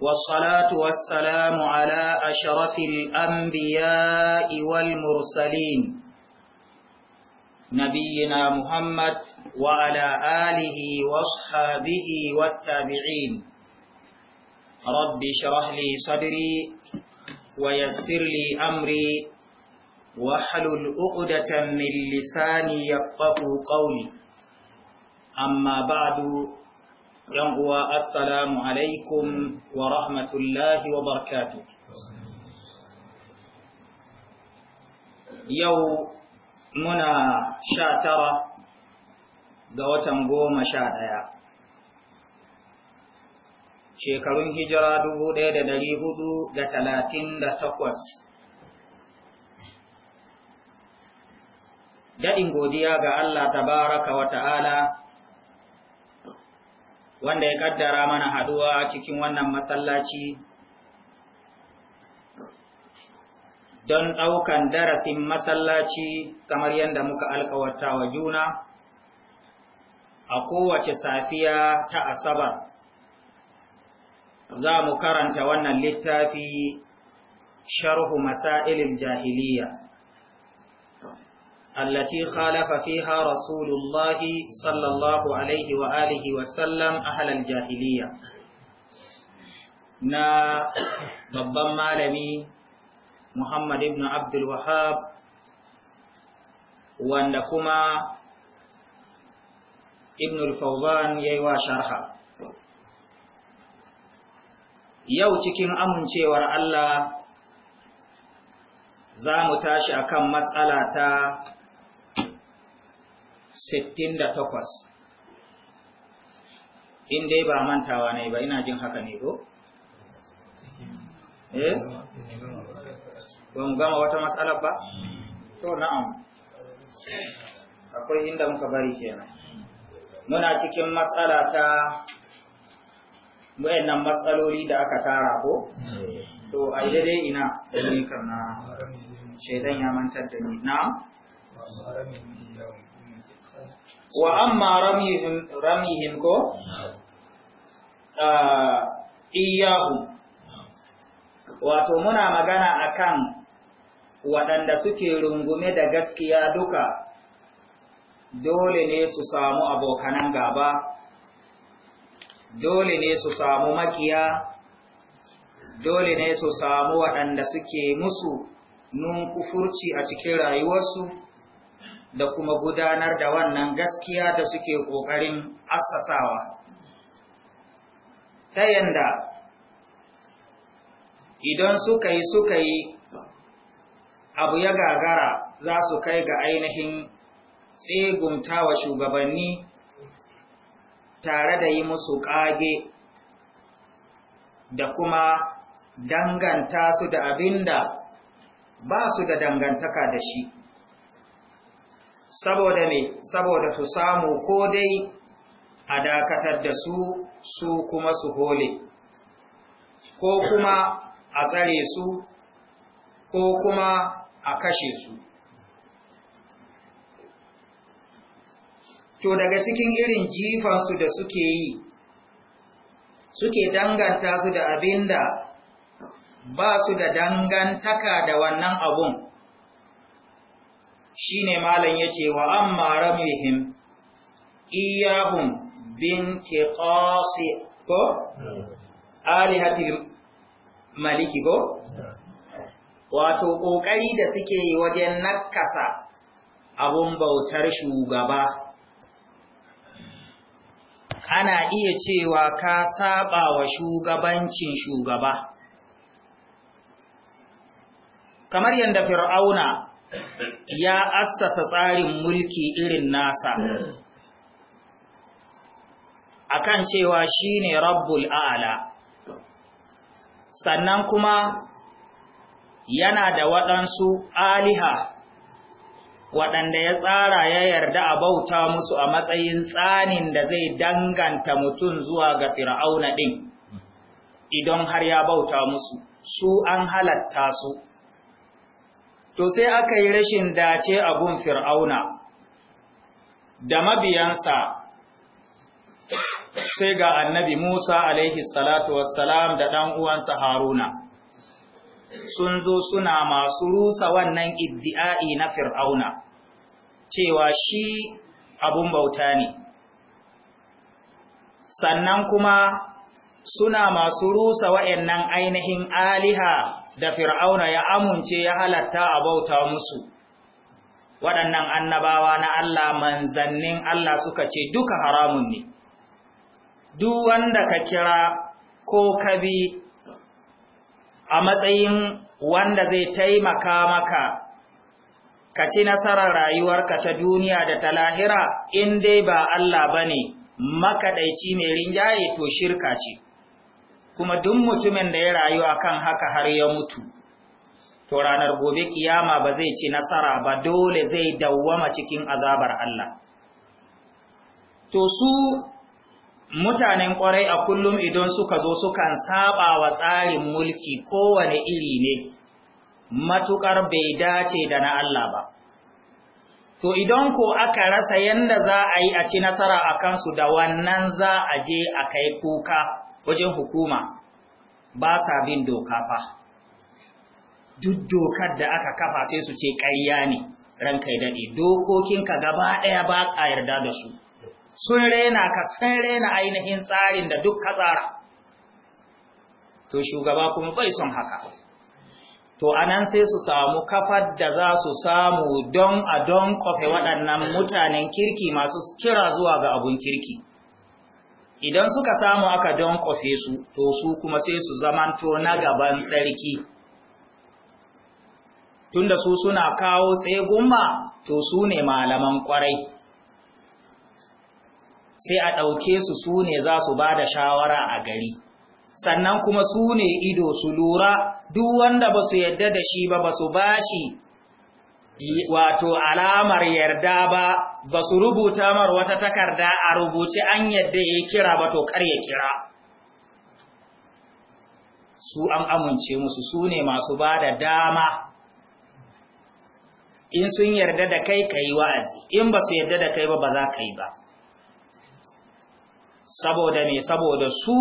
والصلاة والسلام على أشرف الأنبياء والمرسلين نبينا محمد وعلى آله واصحابه والتابعين رب شرح لي صدري ويسر لي أمري وحلل أقدة من لساني يفقه قولي أما بعد yan uwa assalamu alaikum wa rahmatullahi wa barkatu. Yau muna sha tara ga watan goma sha ɗaya. Shekarun hijira dubu ɗaya da dari hudu da talatin da takwas. Daɗin godiya ga Allah tabaraka wa ta'ala wanda ya kaddara mana haduwa cikin wannan masallaci don ɗaukan darasin masallaci kamar yadda muka alkawarta wa juna a kowace safiya ta asabar za mu karanta wannan littafi sharhu masailin jahiliya التي خالف فيها رسول الله صلى الله عليه وآله وسلم أهل الجاهلية نا babban malami Muhammad ibn Abdul wanda kuma Ibn al-Fawzan yayi wa sharha yau cikin amincewar Allah za mu tashi kan matsala ta 68 in dai ba mantawa ne ba ina jin haka ne ko? eh? ba mu gama wata masala ba? to na'am akwai inda muka bari kenan muna cikin matsala ta wayannan matsaloli da aka tara ko? to a yi dai ina da ne kan na shaidan ya mantar da ni na? wa amma ramihim ko ah, iyahu wato muna magana akan waɗanda suke rungume da gaskiya duka dole ne su samu abokanan gaba dole ne su samu makiya dole ne su samu waɗanda suke musu nun kufurci a cikin rayuwarsu da kuma gudanar da wannan gaskiya da suke ƙoƙarin assasawa. Ta yanda idan suka yi suka yi abu ya gagara za su kai ga ainihin wa shugabanni tare da yi musu ƙage da kuma danganta su da abinda ba su da dangantaka da shi. saboda me saboda su samu ko dai a dakatar da su su kuma su hole ko kuma a tsare su ko kuma a kashe su to daga cikin irin jifansu da suke yi suke danganta su da abinda ba su da dangantaka da wannan abun shine malam yace wa amma ramihim iyahum bintiqasi ko alihatil maliki ko wato kokari da suke wajen nakasa abun bautar shugaba ana iya cewa ka saba wa shugabancin shugaba kamar yadda fir'auna ya assasa tsarin mulki irin nasa akan cewa shine rabbul a'la sannan kuma yana da waɗansu aliha waɗanda ya tsara ya yarda a bauta musu a matsayin tsanin da zai danganta mutum zuwa ga fir'auna ɗin idan har ya bauta musu su an halatta su to sai aka yi rashin dace abun fir'auna da mabiyansa sai ga annabi Musa alaihi salatu wassalam da ɗan uwansa Haruna sun zo suna masu rusa wannan iddi'ai na fir'auna cewa shi abun bauta ne sannan kuma suna masu rusa waɗannan ainihin aliha da fir'auna ya amince ya halatta a bauta musu waɗannan annabawa na Allah manzannin Allah suka ce duka haramun ne duk wanda ka kira ko ka bi a matsayin wanda zai taimaka maka ka ci nasarar rayuwarka ta duniya da ta lahira in dai ba Allah ba bane makaɗaici mai rinjaye to shirka ce kuma duk mutumin da ya rayu akan haka har ya mutu to ranar gobe kiyama ba zai ci nasara ba dole zai dawwama cikin azabar Allah to su mutanen kwarai a kullum idan suka zo sukan saba wa tsarin mulki kowane iri ne matukar bai dace da na Allah ba to idan ko aka rasa yanda za a yi a ci nasara a kansu da wannan za a je a kai kuka wajen hukuma ba sa bin doka fa duk dokar da aka kafa sai su ce ƙarya ne ranka ya daɗe dokokinka gaba ɗaya ba a yarda da su sun rena ka sun rena ainihin tsarin da duk ka tsara to shugaba kuma bai son haka to anan sai su samu kafar da za su samu don a don kofe waɗannan mutanen kirki masu kira zuwa ga abun kirki idan suka samu aka don kofe su to su kuma sai su zamanto na gaban sarki tunda su suna kawo tseguma, to su ne malaman kwarai sai a ɗauke su su ne za su ba da shawara a gari sannan kuma su ne ido su lura duk wanda ba su yadda da shi ba ba su ba shi wato alamar yarda ba ba su rubuta mar wata takarda a rubuce an yadda ya kira ba to kar ya kira su an amince musu sune masu ba da dama in sun yarda da kai ka yi wa'azi in ba su yarda da kai ba ba za ka yi ba saboda me saboda su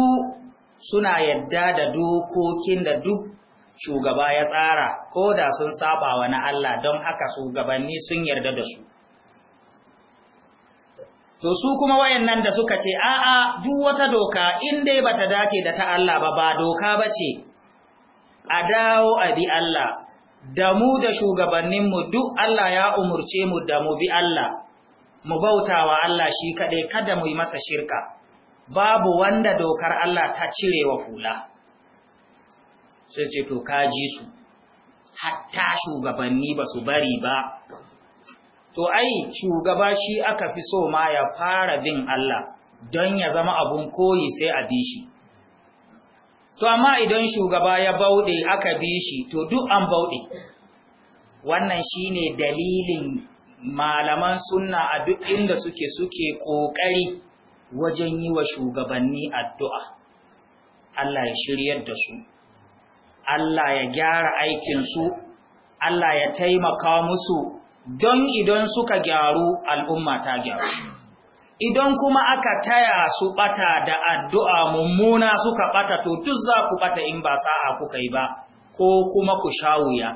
suna yarda da dokokin da duk shugaba ya tsara ko da sun saba wa na Allah don haka shugabanni sun yarda da su to su kuma wayannan da suka ce a'a duk wata doka in dai ta dace da ta Allah ba ba doka ba ce. a dawo a bi Allah da mu da shugabanninmu duk Allah ya umurce mu da mu bi Allah mu bautawa Allah shi kaɗai kada mu yi masa shirka babu wanda dokar Allah ta cire wa fula. sai ce to ka su hatta shugabanni ba su bari ba to ai shugaba shi aka fi so ma ya fara bin Allah don ya zama abun koyi sai a bi shi to amma idan shugaba ya bauɗe aka bi shi to duk an bauɗe wannan shine dalilin malaman sunna a duk inda suke suke ƙoƙari wajen yi wa shugabanni addu'a Allah ya shiryar da su Allah ya gyara aikinsu, Allah ya taimaka musu don idan suka gyaru al'umma ta gyaru. Idan kuma aka taya su ɓata da addu'a mummuna suka ɓata to duk za ku ɓata in ba sa'a kuka yi ba, ko kuma ku sha wuya.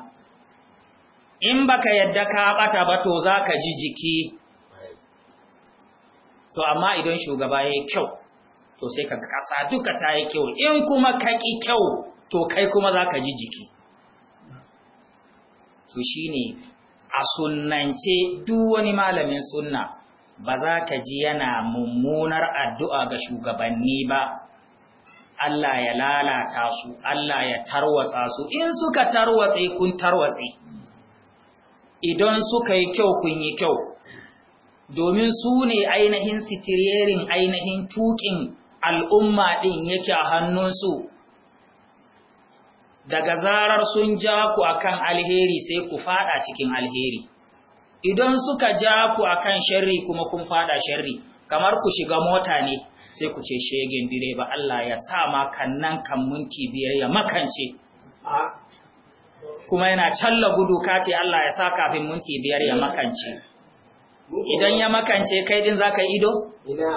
In baka yadda ka bata ba to za ka ji jiki to amma idan shugaba ya yi kyau to sai ka kasa duka ta yi kyau in kuma ka ƙi kyau to kai kuma za ka ji jiki to shi ne a sunance duk wani malamin sunna ba za ka ji yana mummunar addu'a ga shugabanni ba Allah ya lalata su Allah ya tarwatsa su in suka tarwatse kun tarwatse idan suka yi kyau kun yi kyau domin su ne ainihin sitirerin ainihin tukin al'umma ɗin yake a hannunsu daga zarar sun ja ku akan alheri sai ku fada cikin alheri idan suka ja ku akan sharri kuma kun fada sharri kamar ku shiga mota ne sai ku ce shegen direba Allah ya sa ma kannan kan munki biyar ya makance kuma yana challa gudu kace Allah ya sa kafin munki biyar ya makance idan ya makance kai din zaka ido ina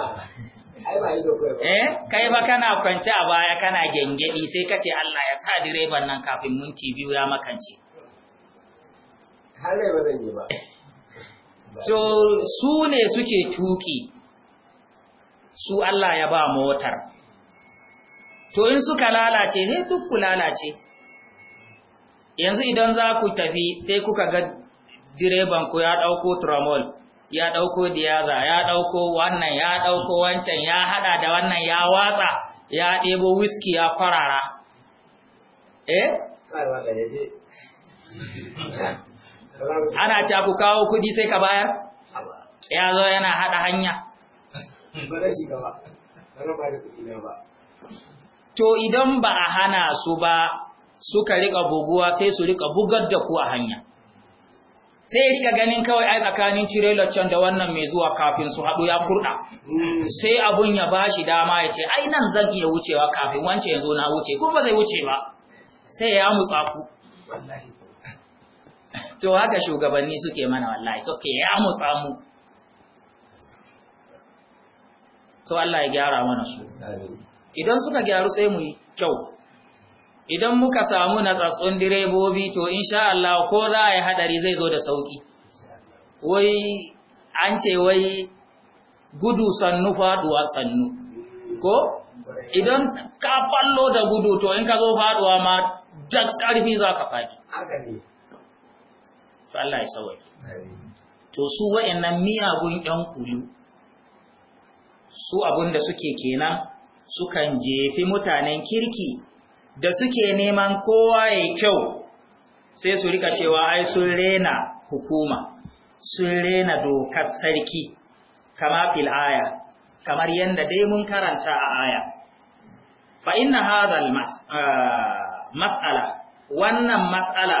Eh, kai ba kana kwance a baya kana gengedi sai kace Allah ya sa direban nan kafin minti biyu ya makance. Har ba zan ba. So su ne suke tuki. Su Allah ya ba motar. To in suka lalace sai duk ku lalace. Yanzu idan za ku tafi sai kuka ga direban ku ya dauko tramol. ya ɗauko diyaza ya ɗauko wannan ya ɗauko wancan ya haɗa da wannan ya watsa ya ɗebo wiski ya kwarara eh ana ca ku kawo kuɗi sai ka bayar ya zo yana haɗa hanya to idan ba a hana su ba suka riƙa buguwa sai su riƙa bugar da ku a hanya sai ya rika ganin kawai a tsakanin tirelar can da wannan mai zuwa kafin su haɗu ya kurɗa hmm. sai abun ya bashi dama ya ce ai nan zan iya wucewa kafin wance ya zo na wuce kuma zai wuce ba sai ya mu tsaku to haka shugabanni suke mana wallahi ke ya mu tsamu to Allah ya gyara mana su idan suka gyaru sai mu yi kyau idan muka samu na tsatsun direbobi to insha Allah ko za a yi hadari zai zo da sauki wai an ce wai gudu sannu faduwa sannu ko idan ka fallo da gudu to in ka zo faduwa ma da karfi za ka fadi Allah ya sauwa to su wa'annan miyagun ɗan kulu su abinda suke kenan sukan jefi mutanen kirki da suke neman kowa ya kyau sai su rika cewa ai sun rena hukuma sun rena dokar sarki kama fil aya kamar yadda dai mun karanta a aya fa inna hadhal ah, mas'ala wannan mas'ala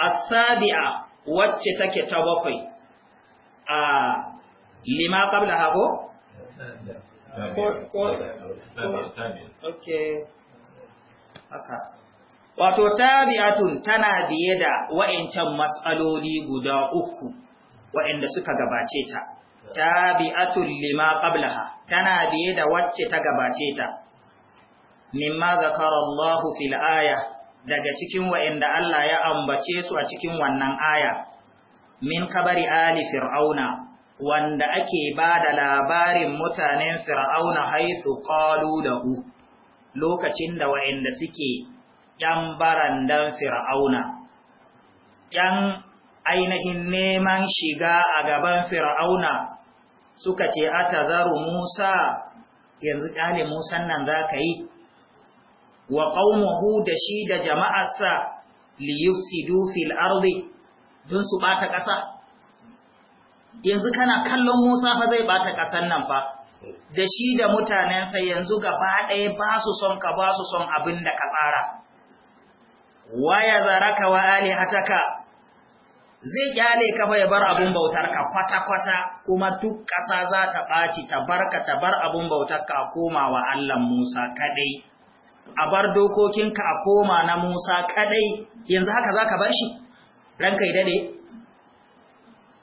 as-sabi'a wacce take ta bakwai a lima qablaha ko ko okay wato tabi'atun tana biye da wa'incan mas'aloli guda uku wa'inda suka gabace ta tabi'atun lima qablaha tana biye da wacce ta gabace ta mimma ZakarAllahu fil aya daga cikin wa'inda Allah ya ambace su a cikin wannan aya min kabari ali fir'auna wanda ake ba da labarin mutanen fir'auna haithu qalu lahu lokacin da wa'inda suke ‘yan barandan fir'auna, ‘yan ainihin neman shiga a gaban fir'auna suka ce, Ata zaru Musa, yanzu ƙyale Musan nan za ka yi, wa ƙaunuhu da shi da jama'arsa liyufsidu fil arzi don su ɓata ƙasa. Yanzu kana kallon Musa fa zai ɓata ƙasan nan fa. da shi da mutanensa yanzu gaba ɗaya ba su son ka ba su son abin da ka tsara waya zaraka wa hataka zai kyale ka fa ya bar abun bautar ka kwata-kwata kuma duk ƙasa za ta ɓaci ta barka ta bar abun bautar ka a koma wa Allah Musa kaɗai, a bar dokokinka a koma na Musa kaɗai. yanzu haka za ka bar shi ranka yi dade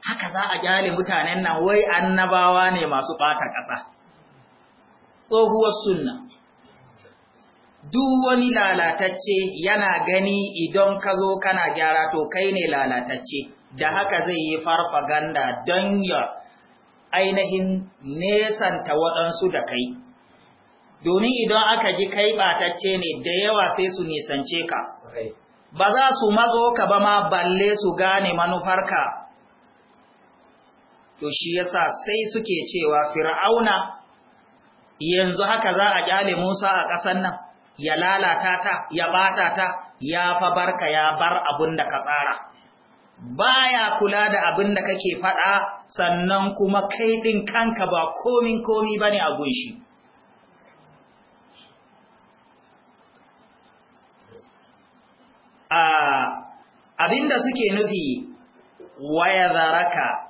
haka za a gyale mutanen nan wai annabawa ne masu ɓata ƙasa tsohuwar sunna duk wani lalatacce yana gani idan ka zo kana gyara to kai ne lalatacce da haka zai yi farfaganda don ya ainihin nesanta waɗansu da kai domin idan aka ji kai ɓatacce ne da yawa sai su nisance ka ba za su mazo ka ba ma balle su gane manufarka to shi yasa sai suke cewa fir'auna yanzu haka za a kyale Musa a ƙasar nan ya lalata ta ya bata ta ya fa barka ya bar abun da ka tsara baya kula da abin da kake faɗa sannan kuma kai ɗin kanka ba komin komi bane a gunshi abinda ah, suke nufi waya zaraka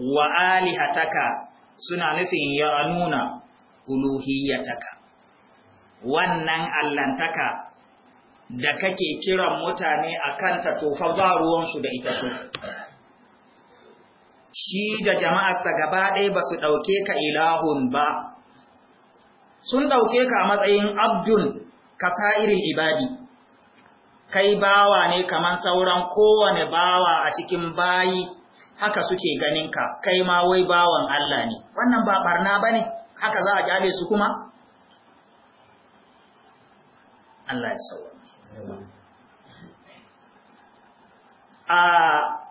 wa alihataka suna nufin ya nuna uluhiyataka wannan allantaka da kake kiran mutane a kanta tofa ba ruwansu da ita so shi da jama'arsa gaba ɗaya ba su ɗauke ka ilahun ba sun ɗauke ka a matsayin abdun irin ibadi kai bawa ne kamar sauran kowane bawa a cikin bayi haka suke ganin ka kai ma wai bawan Allah ne wannan ba barna bane haka za a kyale su kuma Allah ya sauwa a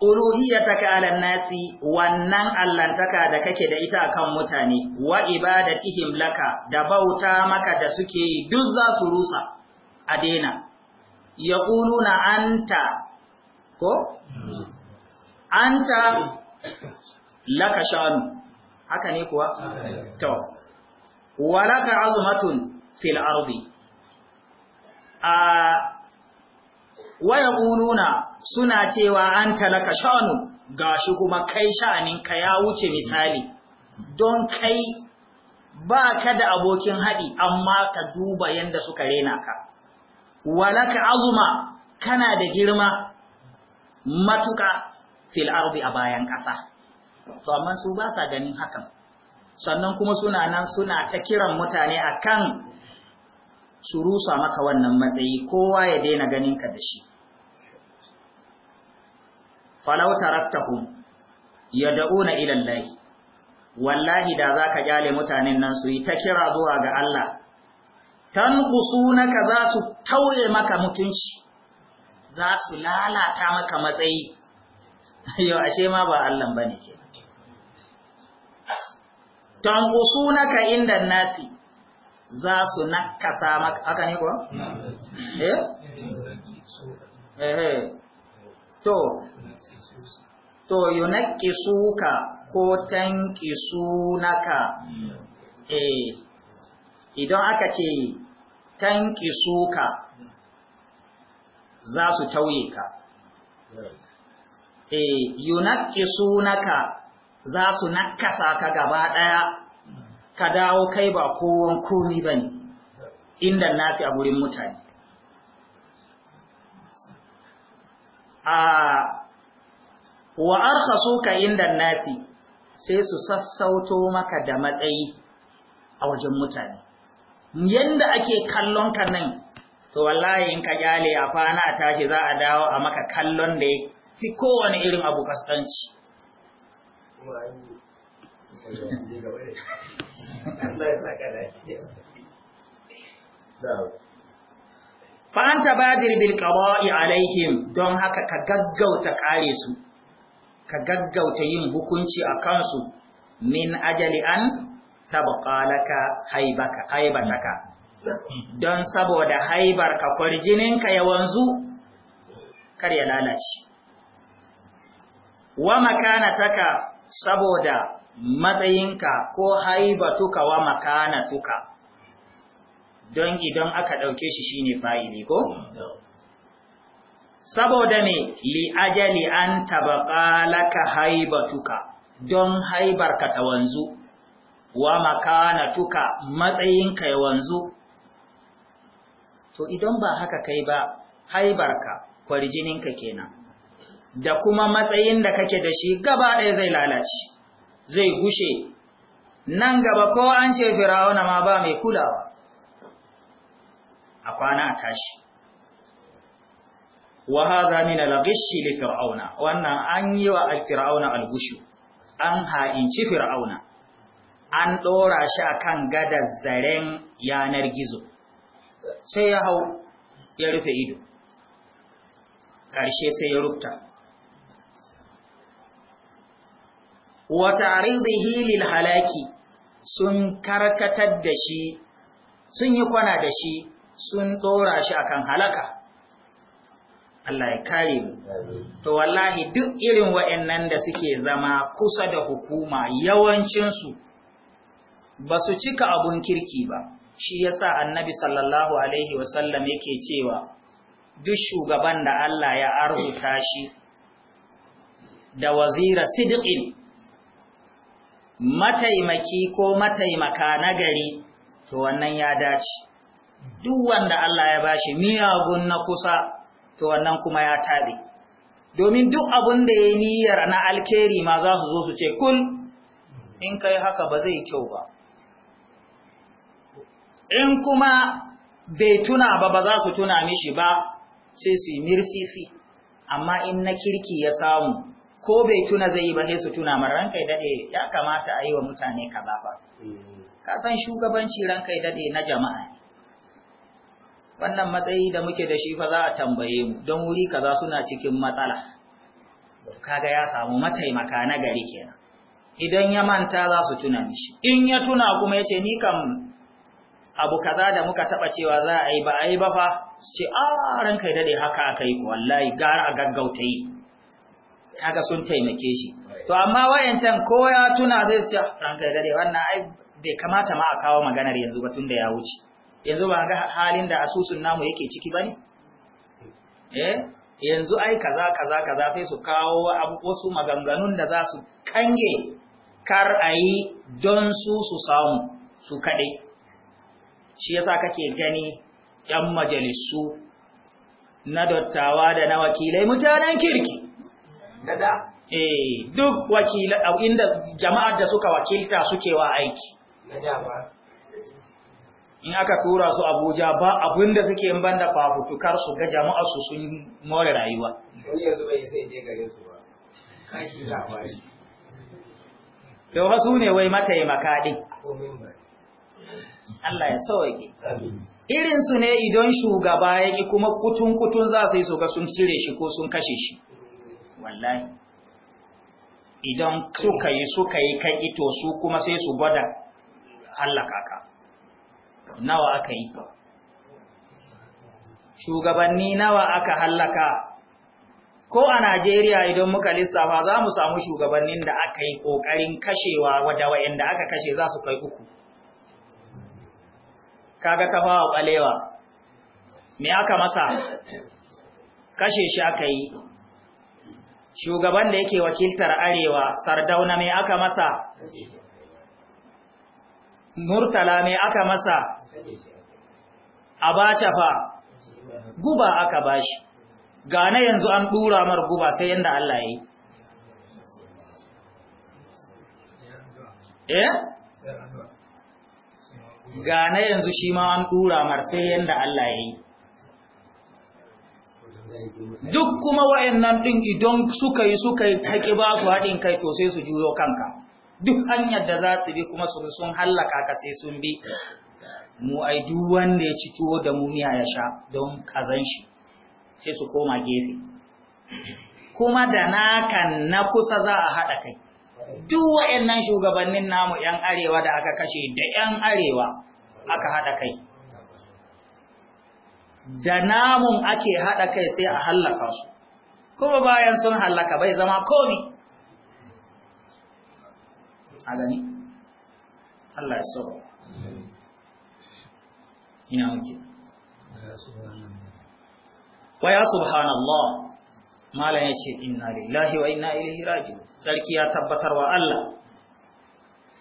uluhiyataka ala nasi wannan allantaka da kake da ita akan mutane wa ibadatihim laka da bauta maka da suke yi duk za su rusa a daina yaquluna anta ko anta laka shanu haka ne kuwa to walaka azmatun fil ardi a waya quluna suna cewa an anta laka shanu gashi kuma kai sha'anin ka ya wuce misali don kai ba ka da abokin haɗi amma ka duba yadda suka rena ka walaka azuma kana da girma matuka fil ardi a bayan ƙasa to amma su ba sa ganin hakan sannan kuma suna nan suna ta kiran mutane akan su rusa maka wannan matsayi kowa ya daina ganin ka da shi falau taraktahum yad'una ila Allah wallahi da zaka jale mutanen nan su yi ta kira zuwa ga Allah tanqusunaka za su tauye maka mutunci za su lalata maka matsayi yau ashe ma ba Allah bane kenan tanqusunaka inda nasi za su nakasa maka aka ne ko eh? eh eh to to ka ko tanqisunaka eh idan aka ce ka, za su tauye ka eh sunaka za su nakasa ka gaba ɗaya, ka dawo kai ba kowon komi ba ne, inda nasi a gurin mutane a wa ka inda nasi sai su sassauto maka da matsayi a wajen mutane yadda ake kallon ka nan to wallahi in ka kyale a fana a tashi za a dawo a maka kallon da ya. fi kowane irin abu kaskanci fa'anta badir ƙawai a alaihim don haka ka gaggauta kare su ka gaggauta yin hukunci a kansu min ajali an tabqa haibar haibataka don saboda haibar ka kwarjininka ya wanzu kar ya lalace wa makanataka saboda matsayinka ko haibatuka wa makanatuka don idan aka ɗauke shi shine fa'ili ko? saboda me li ajali an tabaqa laka haibatuka don haibarka ta wanzu wa makanatuka matsayinka ya wanzu to idan ba haka kai ba haibarka kwarjininka kenan da kuma matsayin da kake da shi gaba ɗaya zai lalace, zai gushe, nan gaba ko an ce firawuna ma ba mai kulawa a kwana a tashi. Wa haza min al-ghishi li fir'auna wannan an yi wa firauna al-gushu an ha'inci fir'auna an dora shi akan gadar zaren yanar gizo sai ya hau ya rufe ido Karshe sai ya rufta Wata ta'ridihi lil halaki sun karkatar da shi sun yi kwana da shi sun dora shi akan halaka Allah ya kare mu. To wallahi duk irin wa'annan da suke zama kusa da hukuma yawancinsu ba su cika abun kirki ba, shi yasa annabi sallallahu Alaihi wasallam yake cewa duk shugaban da Allah ya arzuta shi da wazira sidiqin mataimaki ko mataimaka nagari to wannan ya dace duk wanda Allah ya bashi miyagun na kusa to wannan kuma ya tabe domin duk abun da yayi niyyar na alkhairi ma za su zo su ce kul in kai haka ba zai kyau ba in kuma bai tuna ba ba za su tuna mishi ba sai su yi mirsisi amma in na kirki ya samu ko bai tuna zai yi ba sai su tuna man ranka dade ya kamata a yi wa mutane kaza ba mm. ka san shugabanci ranka dade na jama'a wannan matsayi da muke da shi fa za a tambaye mu don wuri kaza suna cikin matsala kaga ya samu mataimaka na gari kenan idan ya manta za su tuna mishi in ya tuna kuma yace ni kam abu kaza da muka taɓa cewa za a yi ba a yi ba fa su ce a ah, ranka dade haka aka yi wallahi gara a gaggauta yi kaga sun taimake shi to amma wayancan ko ya tuna zai ce ranka da dare wannan ai bai kamata ma a kawo maganar yanzu ba tunda ya wuce yanzu ba ga halin da asusun namu yake ciki bane eh yanzu ai kaza kaza kaza sai su kawo wasu maganganun da za su kange kar ayi don su su samu su kaɗai shi yasa kake gani ‘yan majalisu na dottawa da na wakilai mutanen kirki eh duk wakila inda jama'ar da suka wakilta suke wa aiki in aka tura su abuja ba abinda suke yin banda fafutukar su ga jama'ar su sun more rayuwa ha su ne wai mataimaka din Allah ya sauke irinsu ne idan shugaba yake kuma kutun kutun za su yi su ga sun cire shi ko sun kashe shi wallahi idan suka yi suka yi kan ito su kuma sai su gwada hallaka ka nawa aka yi shugabanni nawa aka hallaka ko a Najeriya idan muka lissafa za mu samu shugabannin da aka yi ƙoƙarin kashewa wadda wa'yanda aka kashe za su kai uku. Kaga ta fawa ɓalewa, me aka masa kashe shi aka yi shugaban da yake wakiltar arewa sardauna mai aka masa murtala mai aka masa abacha fa guba aka bashi gane yanzu an dura mar guba sai yanda Allah yi. eh gane yanzu shi ma an dura mar sai yanda Allah yi. duk kuma wa'annan ɗin idan suka yi suka yi haƙi ba su haɗin kai to sai su juyo kanka duk hanyar da za su bi kuma su sun hallaka ka sai sun bi mu ai wanda ya ci tuwo da mumiya ya sha don ƙazan shi sai su koma gefe kuma da nakan na kusa za a haɗa kai duk wa'annan shugabannin namu 'yan arewa da aka kashe da 'yan arewa aka haɗa kai da namun ake haɗa kai sai a hallaka su kuma bayan sun hallaka bai zama komi a gani Allah ya so ina muke waya subhanallah malam ya ce inna lillahi wa inna ilaihi raji'un sarki ya tabbatarwa Allah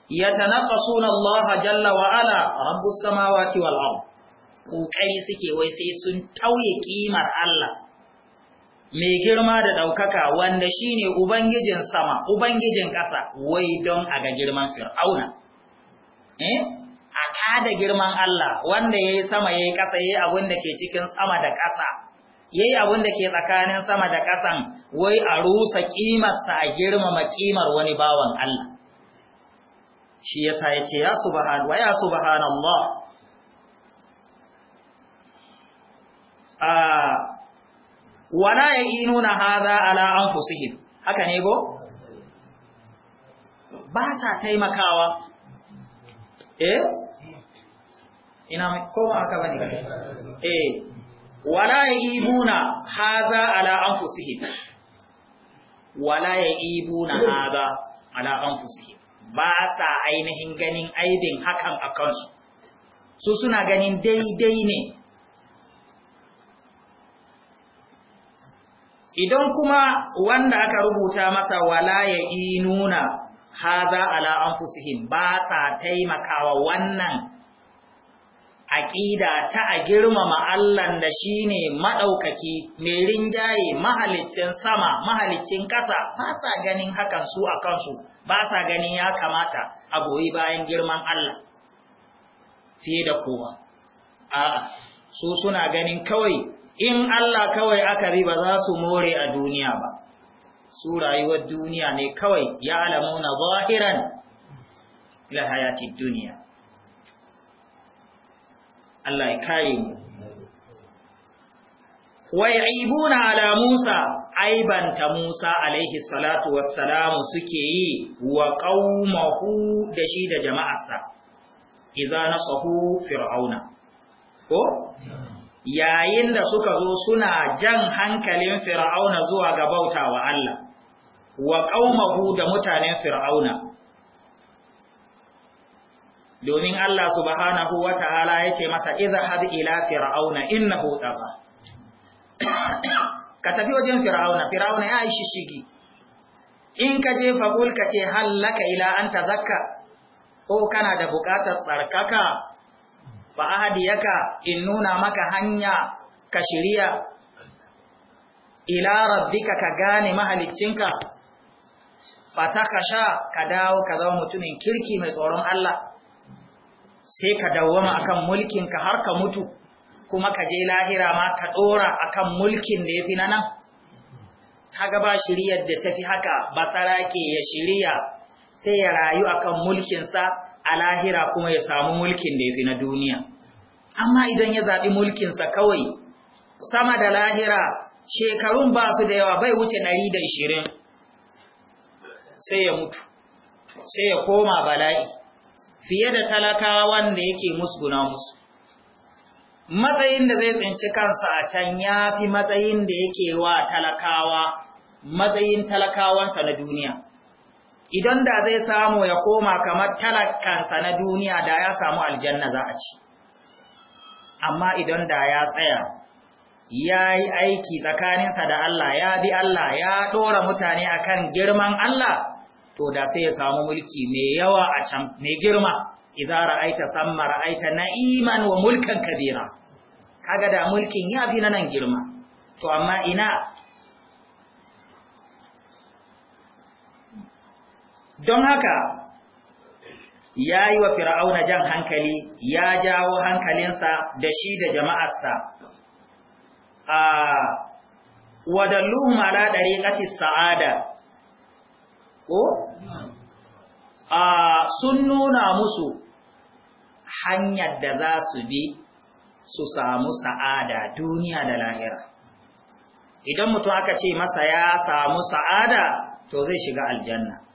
yatanaqasuna Allah jalla wa ala rabbus samawati wal ardh ƙoƙari suke wai sai sun tauye ƙimar Allah mai girma da ɗaukaka wanda shi Ubangijin sama, Ubangijin ƙasa, wai don a ga girman fir'auna. Eh? A kada girman Allah wanda ya yi sama ya yi ƙasa ya yi abin da ke cikin sama da ƙasa, ya yi abin da ke tsakanin sama da ƙasan wai a rusa ƙimarsa a girmama ƙimar wani bawan Allah. Shi ya ya ce, Ya subhanallah, wala ya inuna haza ala an fusihim haka ne go? ba sa taimakawa eh ina koma aka bane eh wala ya nuna haza ala an fusihim wala ya nuna haza ala an fusihim ba sa ainihin ganin aibin hakan a kansu su suna ganin daidai ne idan kuma wanda aka rubuta masa wala ya inuna haza ala anfusihim ba sa taimakawa wannan aƙida ta a girmama Allahn da shi ne maɗaukaki, mai rinjaye, mahalicin sama, mahalicin ƙasa, ba sa ganin hakan su a kansu, ba sa ganin ya kamata a goyi bayan girman Allah fiye da kowa. A'a, su suna ganin kawai in Allah kawai aka riba za su more a duniya ba su rayuwar duniya ne kawai ya alamuna zahiran ila hayatid duniya Allah ya kare mu wa'ibuna ala Musa aibanta Musa alaihi salatu wassalamu suke yi wa qaumahu da shi da jama'arsa na sahu fir'auna ko yayin da suka zo suna jan hankalin fir'auna zuwa ga wa Allah wa qaumahu da mutanen fir'auna domin Allah subhanahu wataala yace masa izhab ila fir'auna innahu tagha ka tafi wajen fir'auna fir'auna ya yi shishigi in ka je faqul ka ce hallaka ila anta zakka ko kana da buƙatar tsarkaka Ba fa yaka in nuna maka hanya ka shiriya ila rabbika ka gane mahaliccinka kasha ka dawo ka zama mutumin kirki mai tsoron Allah sai ka dawoma akan mulkin ka har ka mutu kuma ka je lahira ma ka dora akan mulkin da yafi na nan kaga ba shiriyar da tafi haka ba basarake ya shiriya sai ya rayu akan mulkinsa a lahira kuma ya samu mulkin da ya fi na duniya amma idan ya zaɓi mulkinsa kawai sama da lahira shekarun ba su da yawa bai wuce ɗari da sai ya mutu sai ya koma bala'i fiye da talakawa wanda yake musguna musu matsayin da zai tsinci kansa a can ya fi matsayin da yake wa talakawa matsayin talakawansa na duniya idan da zai samu ya koma kamar talakansa na duniya da ya samu aljanna za a ci amma idan da ya tsaya ya yi aiki tsakaninsa da Allah ya bi Allah ya ɗora mutane akan girman Allah to da sai ya samu mulki mai yawa a can mai girma idza ra'aita samma ra'aita na'iman wa mulkan kabira kaga da mulkin ya fi nan girma to amma ina don haka ya yi wa fir'auna jan hankali ya jawo hankalinsa da shi da jama'arsa a wadalluhum ala dariqati sa'ada ko a sun nuna musu hanyar da za su bi su samu sa'ada duniya da lahira idan mutum aka ce masa ya samu sa'ada to zai shiga aljanna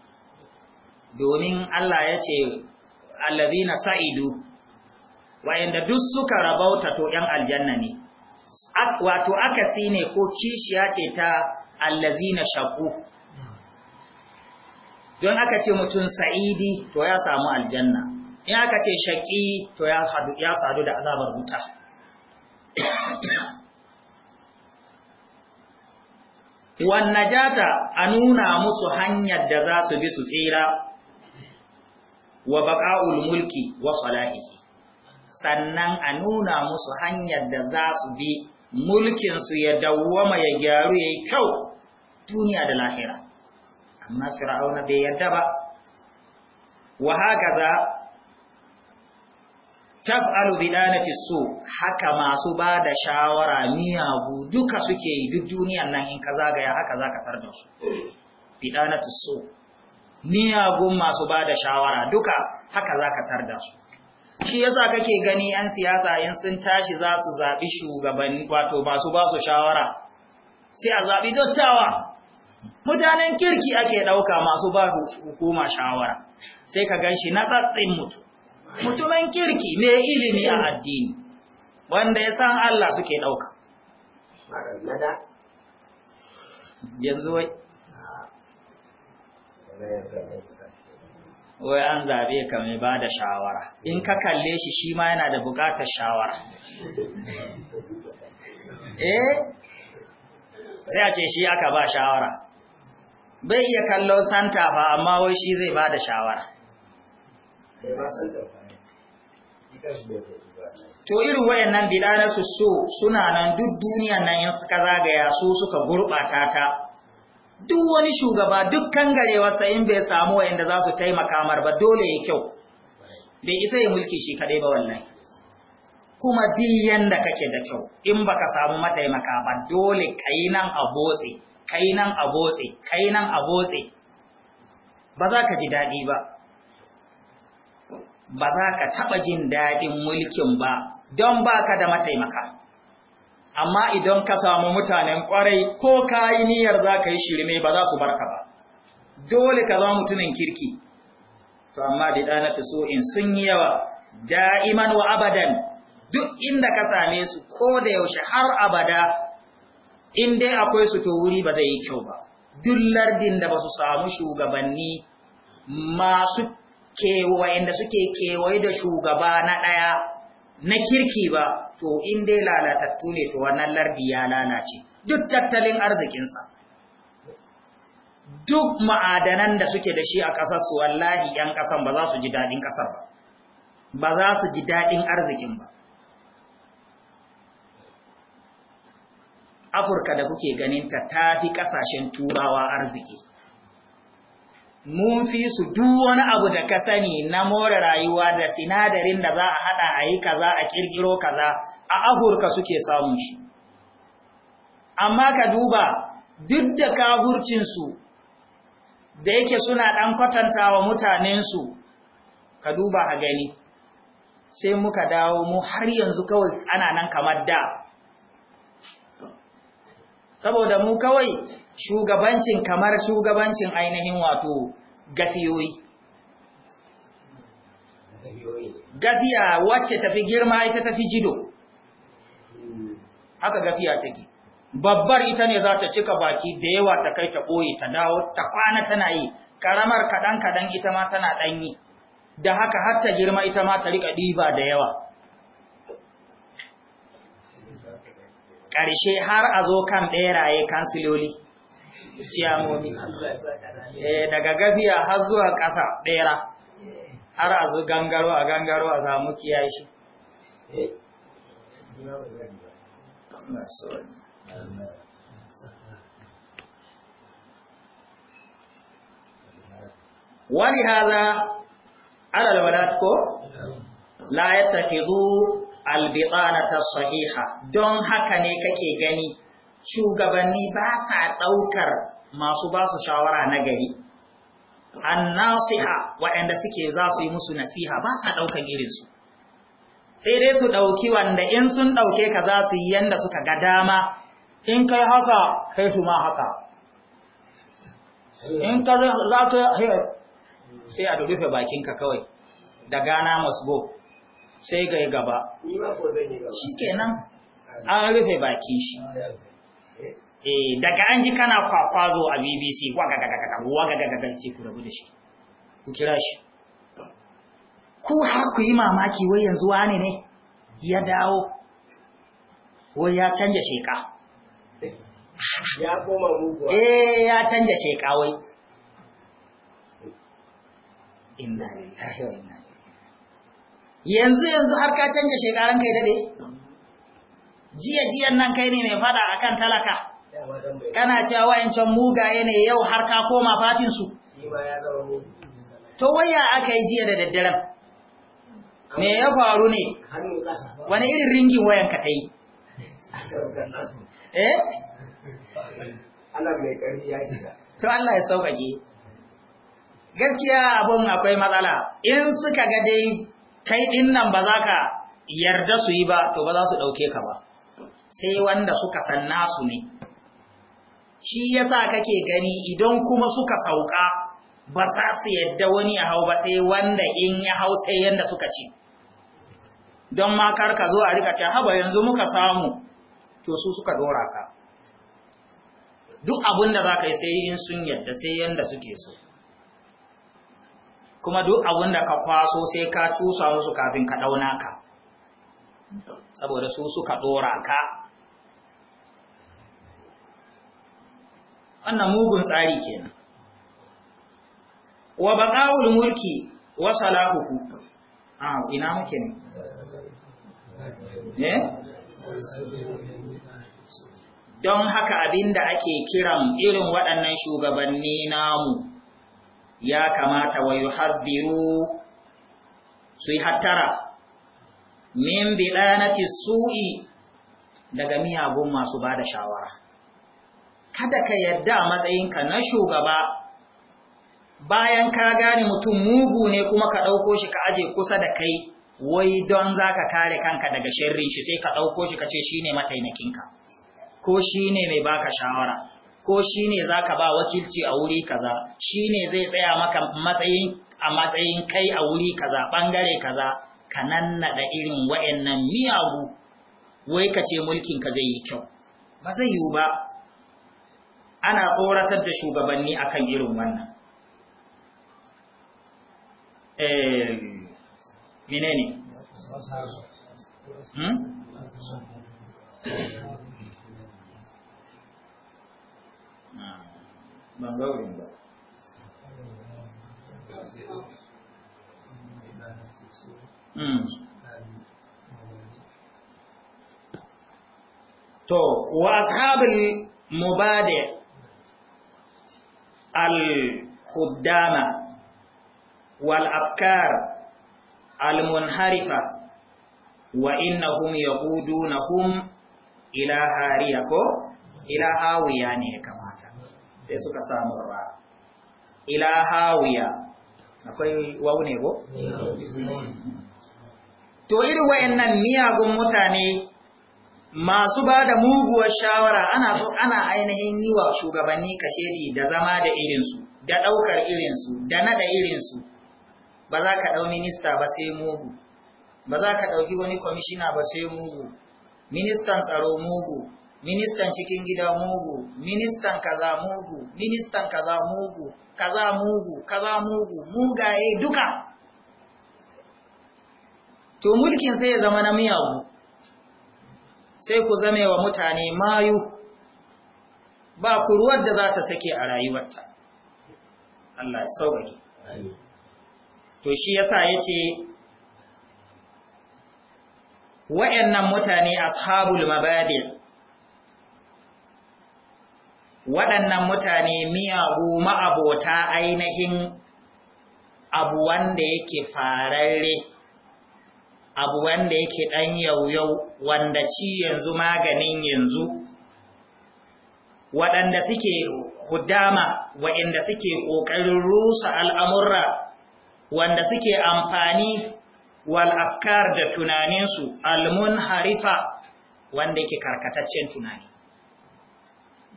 domin Allah ya ce allazina sa'idu wa'inda duk suka rabauta to ‘yan aljanna ne wato akasi ne ko kishiya ce ta allazina shaku don aka ce mutum sa'idi to ya samu aljanna in aka ce shaƙi to ya sadu da azabar wuta wannan jata a nuna musu hanyar da za su bi su tsira wa baqa'ul mulki wa salahihi sannan a nuna musu hanyar da za su bi mulkin su ya dawwama ya gyaru yayi kyau duniya da lahira amma fir'auna bai yarda ba wa za taf'alu bidanati su haka masu ba da shawara miyagu duka suke yi duk duniyan nan in ka zagaya haka zaka tar da su bidanati su miyagun masu ba da shawara duka haka za ka tarda su shi yasa kake gani 'yan siyasa in sun tashi za su zaɓi shugaban wato masu ba su shawara sai a zaɓi dottawa mutanen kirki ake ɗauka masu ba hukuma shawara sai ka gan shi na tsatsin mutu. mutumin kirki mai ilimi a addini wanda ya san Allah suke ɗauka yanzu wai an zabe ka mai ba da shawara in ka kalle shi shi ma yana da bukatar shawara eh sai a ce shi aka ba shawara bai iya kallon santa fa amma wai shi zai ba da shawara to irin wayannan bidana su so suna nan duk duniyan nan in suka zagaya su suka gurɓata ta duk wani shugaba dukkan garewa sa'in bai samu wa'inda za su taimaka mar ba dole ya kyau bai isa yi mulki shi kadai ba wallahi kuma di yanda kake da kyau in baka samu mataimaka ba dole kai nan a botse kai nan a botse kai nan a botse ba za ka ji daɗi ba ba za ka taɓa jin daɗin mulkin ba don baka da mataimaka. amma idan ka samu mutanen kwarai ko ka yi niyyar za ka yi shirme ba za su barka ba dole ka zama mutumin kirki to amma da ɗana ta so in sun yi yawa da'iman wa abadan duk inda ka same su ko da yaushe har abada in dai akwai su to wuri ba zai yi kyau ba duk lardin da ba su samu shugabanni masu kewaye da suke kewaye da shugaba na ɗaya na kirki ba to in dai lalatattu ne to wannan lardi ya lalace duk tattalin arzikinsa duk ma'adanan da suke da shi a su wallahi 'yan ƙasan ba za su ji daɗin ƙasar ba ba za su ji daɗin arzikin ba afirka da kuke ganinta ta fi ƙasashen turawa arziki mun fi su duk wani abu da ka sani na more rayuwa da sinadarin da za a haɗa a yi kaza a ƙirƙiro kaza a afurka suke samun shi amma ka duba duk da su da yake suna ɗan kwatantawa mutanensu ka duba a gani sai muka dawo mu har yanzu kawai ana nan kamar da saboda mu kawai shugabancin kamar shugabancin ainihin wato gafiyoyi gafiya wacce tafi girma ita tafi jido haka gafiya take babbar ita ne za ta cika baki da yawa ta kai ta ɓoye ta dawo ta kwana tana yi karamar kaɗan-kaɗan ita ma tana danyi da haka har ta girma ita ma ta rika ɗiba da yawa Karshe har a zo kan beraye kansiloli ciyamomi eh, daga gafiya har zuwa ƙasa bera har a zo gangaro a gangaro a samu kiyashi na sauri wani haza alal ko la yattakhidhu albiqanata sahiha don haka ne kake gani shugabanni ba sa masu ba su shawara na gari annasiha waɗanda suke za su yi musu nasiha ba sa daukan irinsu sai dai su ɗauki wanda in sun ɗauke ka za su yi yanda suka ga dama in kai haka kai su ma haka in ka za ka sai a rufe bakinka kawai da gana go sai ga gaba shi kenan an rufe bakin shi eh daga an ji kana kwakwazo a BBC wagagagaga wagagagaga ce ku rabu da shi ku kira shi ku har ku yi mamaki wai yanzu wani ne ya dawo wai ya canja sheka ya koma muguwa eh ya canja sheka wai inna lillahi wa inna yanzu yanzu har ka canja shekaran kai dade jiya jiyan nan kai ne mai fada akan talaka kana cewa wayancan mugaye ne yau har ka koma fatin su to waya aka yi jiya da daddaren me ya faru ne wani irin ringin wayan ka dai eh Allah mai karfi ya shiga to Allah ya saukake gaskiya abun akwai matsala in suka ga dai kai din nan ba za ka yarda su yi ba to ba za su ɗauke ka ba sai wanda suka san nasu ne shi yasa kake gani idan kuma suka sauka ba za su yadda wani ya hau ba sai wanda in ya hau sai yanda suka ci don ma kar ka zo a rika ce haba yanzu muka samu to su suka dora ka duk abin da za ka yi sai in sun yadda sai yanda suke so kuma duk abin da ka kwaso sai ka cusa musu kafin ka dauna ka saboda su suka dora ka wannan mugun tsari kenan wa baqa'ul mulki wa salahuhu ah ina muke ne Don haka abinda da ake kiran irin waɗannan shugabanni namu ya kamata wa yi haddiru su yi hattara, min biɗanati su'i daga miyagun masu bada shawara. Kada ka yadda a matsayinka na shugaba bayan ka gane mutum mugu ne kuma ka ɗauko shi ka aje kusa da kai. wai don za ka kare kanka daga shirin shi sai ka ɗauko shi ka ce shi ne mataimakinka ko shi ne mai baka shawara ko shi ne za ka ba wakilci a wuri kaza shi ne zai tsaya maka matsayin a matsayin kai a wuri kaza ɓangare kaza ka nannaɗa irin wa'annan miyagu wai ka ce mulkinka zai yi kyau ba zai yiwu ba ana tsoratar da shugabanni akan irin wannan eh, منيني هم بانغورين تو واصحاب المبادئ الخدامه والافكار almunharifa wa innahum yaqudunahum ila hariya ko ila hawiya ne ya kamata sai suka samu ra ila hawiya akwai wawu ne ko to irin wayannan miyagun mutane masu ba da muguwar shawara ana so ana ainihin yi wa shugabanni kashedi da zama da irinsu da ɗaukar irinsu da naɗa irinsu ba za ka ɗau minista ba sai mugu ba za ka ɗauki wani kwamishina ba sai mugu ministan tsaro mugu ministan cikin gida mugu ministan kaza mugu ministan kaza mugu kaza mugu kaza mugu mugaye duka to mulkin sai ya zama na miyawu sai ku zame wa mutane mayu ba ku ruwar da za ta sake a rayuwarta Allah ya sauƙaƙe to shi yasa yace wa'annan mutane ashabul mabadi waɗannan mutane miyagu ma'abota ainihin abu wanda yake fararre abu wanda yake ɗan yau-yau wanda ci yanzu maganin yanzu waɗanda suke hudama wa'anda suke ƙoƙarin rusa al'amurra wanda suke amfani wal afkar da tunaninsu almun harifa wanda yake karkataccen tunani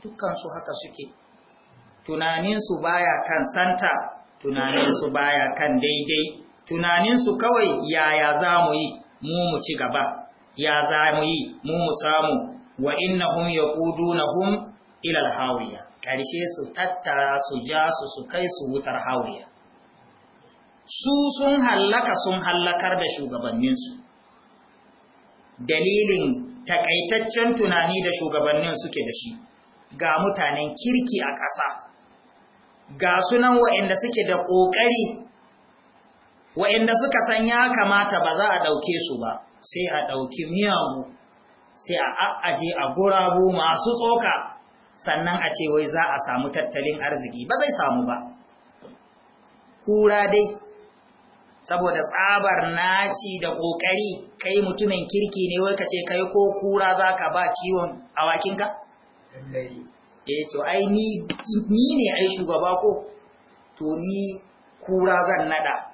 dukkansu haka suke tunaninsu baya kan santa tunaninsu baya kan daidai tunaninsu kawai yaya za mu yi mu mu ci gaba ya za mu yi mu mu samu wa innahum yaqudunahum ilal hauriya, ƙarshe su tattara su ja su su kai su wutar hauriya. su sun hallaka sun hallakar da shugabanninsu dalilin takaitaccen tunani da shugabannin suke da shi ga mutanen kirki a ƙasa ga sunan wa'inda suke da ƙoƙari wa'inda suka san ya kamata ba za a ɗauke su ba sai a ɗauki miyagu sai a aje a gurabu masu tsoka sannan a ce wai za a samu tattalin arziki ba zai samu ba kura dai saboda tsabar naci da ƙoƙari kai mutumin kirki ne wai ka ce kai ko kura za ka ba kiwon awakinka? Eh to ai ni ne ai shugaba ko to ni kura zan nada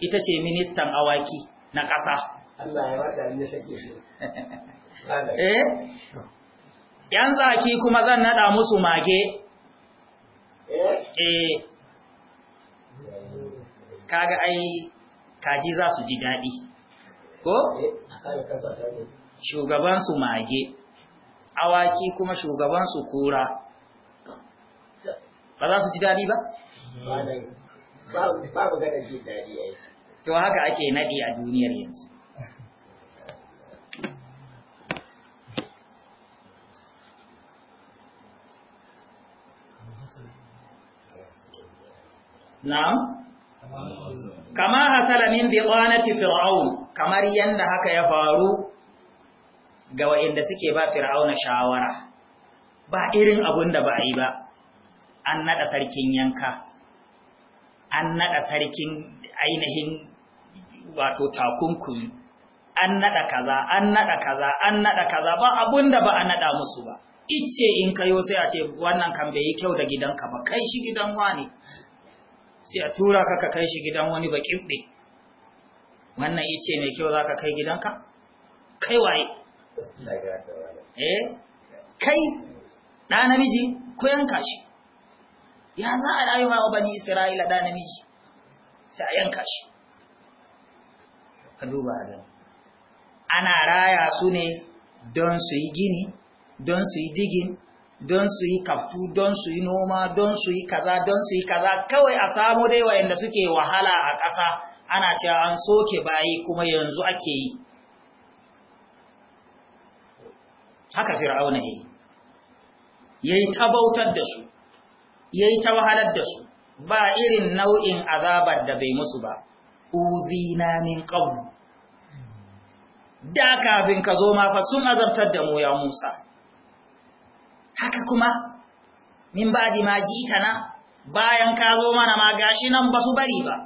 ita ce ministan awaki na ƙasa. Allah ya wata ne take shi. Eh? eh? Yan zaki kuma zan nada musu mage. Eh? Eh. Kaga ai kaji za su ji daɗi ko shugabansu mage awaki kuma shugabansu kura ba za su ji daɗi ba? babu gada ji daɗi to haka ake naɗi a duniyar yanzu Now? kama hasala min biqanati fir'aun kamar yanda haka ya faru ga wa'inda suke ba fir'auna shawara ba irin abun da ba yi ba an nada sarkin yanka an nada sarkin ainihin wato takunkumi an nada kaza an nada kaza an nada kaza ba abun da ba a nada musu ba icce in kayo sai a ce wannan kan bai yi kyau da gidanka ba kai shi gidan wani sai a tura ka ka kai shi gidan wani bakin ɗe wannan ice mai kyau za ka kai gidanka kai waye eh kai ɗa namiji ko yanka shi ya za a rayuwa wa bani isra'ila ɗa namiji sai a yanka shi ka duba gani ana raya su ne don su yi gini don su yi digin don su yi kaftu don su yi noma don su yi kaza don su yi kaza kawai a samu dai wa'anda suke wahala a ƙasa ana cewa an soke bayi kuma yanzu ake yi haka fir'auna yi yayi tabautar da su yayi ta wahalar da su ba irin nau'in azabar da bai musu ba uzina min ƙaunu. da kafin ka zo ma fa sun azabtar da mu ya Musa haka kuma min di ma jitana bayan ka zo mana ma gashi nan ba su bari ba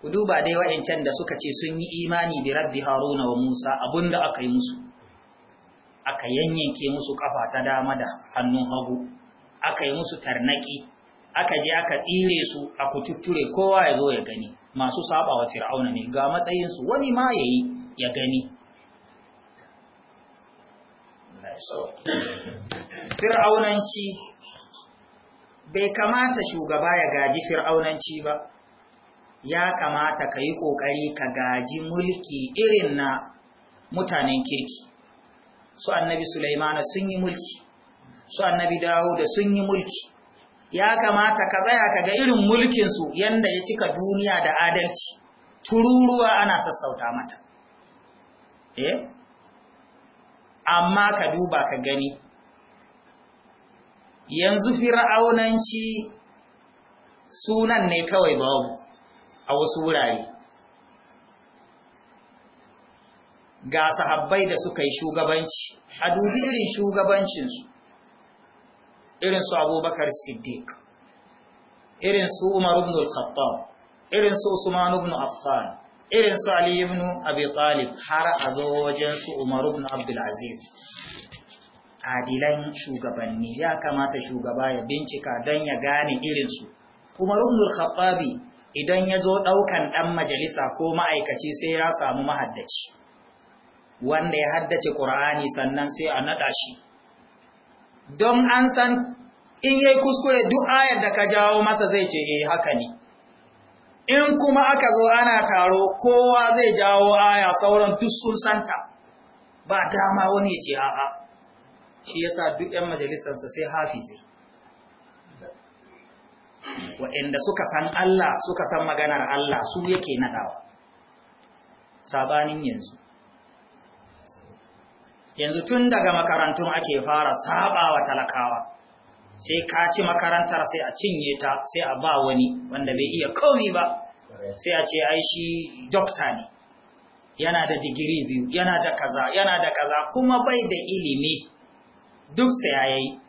ku duba dai wa'ancan da suka ce sun yi imani bi rabbi haruna wa musa abunda aka yi musu aka yanyanke musu kafa ta dama da hannun hagu aka yi musu tarnaki aka je aka tsire su a kututture kowa ya zo ya gani masu saba fir'auna ne ga matsayinsu wani ma ya yi ya gani fir'aunanci bai kamata shugaba ya gaji fir'aunanci ba ya kamata ka yi ƙoƙari ka gaji mulki irin na mutanen kirki su annabi sulaimana sun yi mulki su annabi dawo sun yi mulki ya kamata ka tsaya ka ga irin mulkinsu yadda ya cika duniya da adalci tururuwa ana sassauta mata eh amma ka duba ka gani yanzu fir'aunanci sunan ne kawai babu a wasu wurare ga sahabbai da suka yi shugabanci a dubi irin shugabancinsu irin su abubakar siddiq irin su umar ibn al-khattab irin su usman ibn affan irin su Ali ibn Abi Talib har a zo wajen su Umar ibn Abdul Aziz adilan shugabanni ya kamata shugaba ya bincika don ya gane irin su Umar ibn Al-Khattab idan ya zo daukan dan majalisa ko ma'aikaci sai ya samu mahaddaci wanda ya haddace Qur'ani sannan sai a nada shi don an san in yayi kuskure duk ayar da ka jawo masa zai ce eh haka ne in kuma aka zo ana taro kowa zai jawo aya sauran duk sun santa ba dama wani ya ce a'a shi sa duk 'yan sa sai hafizi waɗanda suka san Allah suka san maganar Allah su yake naɗawa sabanin yanzu yanzu tun daga makarantun ake fara saɓawa talakawa sai ka ci makarantar sai a cinye ta sai a ba wani wanda bai iya komi ba sai a ce ai shi dokta ne yana da digiri biyu yana da kaza yana da kaza kuma bai da ilimi duk sai yi.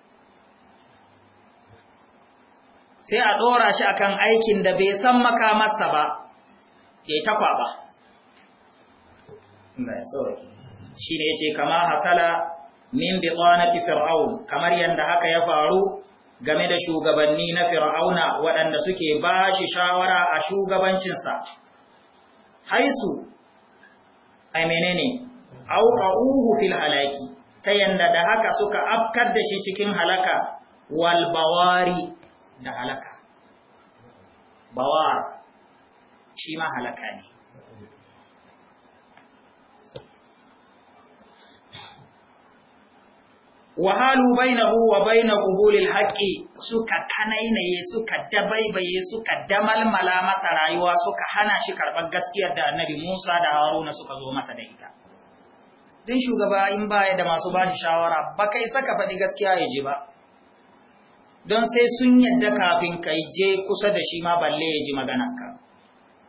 sai a dora shi akan aikin da bai san makamarsa ba yayi takwa ba ne yace kama hasala min bidanati fir'aun kamar yanda haka ya faru game da shugabanni na fir'auna waɗanda suke ba shi shawara a shugabancinsa haisu ai menene auqa'uhu fil halaki ta yanda da haka suka afkar da shi cikin halaka wal bawari da halaka bawar shi ma halaka ne wahalu bainahu wa baina qubulil haqqi suka kanainaye suka dabaibaye suka damalmala masa rayuwa suka hana shi karɓar gaskiyar da annabi Musa da Haruna suka zo masa da ita din shugaba in baya da masu ba shi shawara ba kai saka faɗi gaskiya ya ji ba don sai sun yadda kafin kai je kusa da shi ma balle ya ji magana.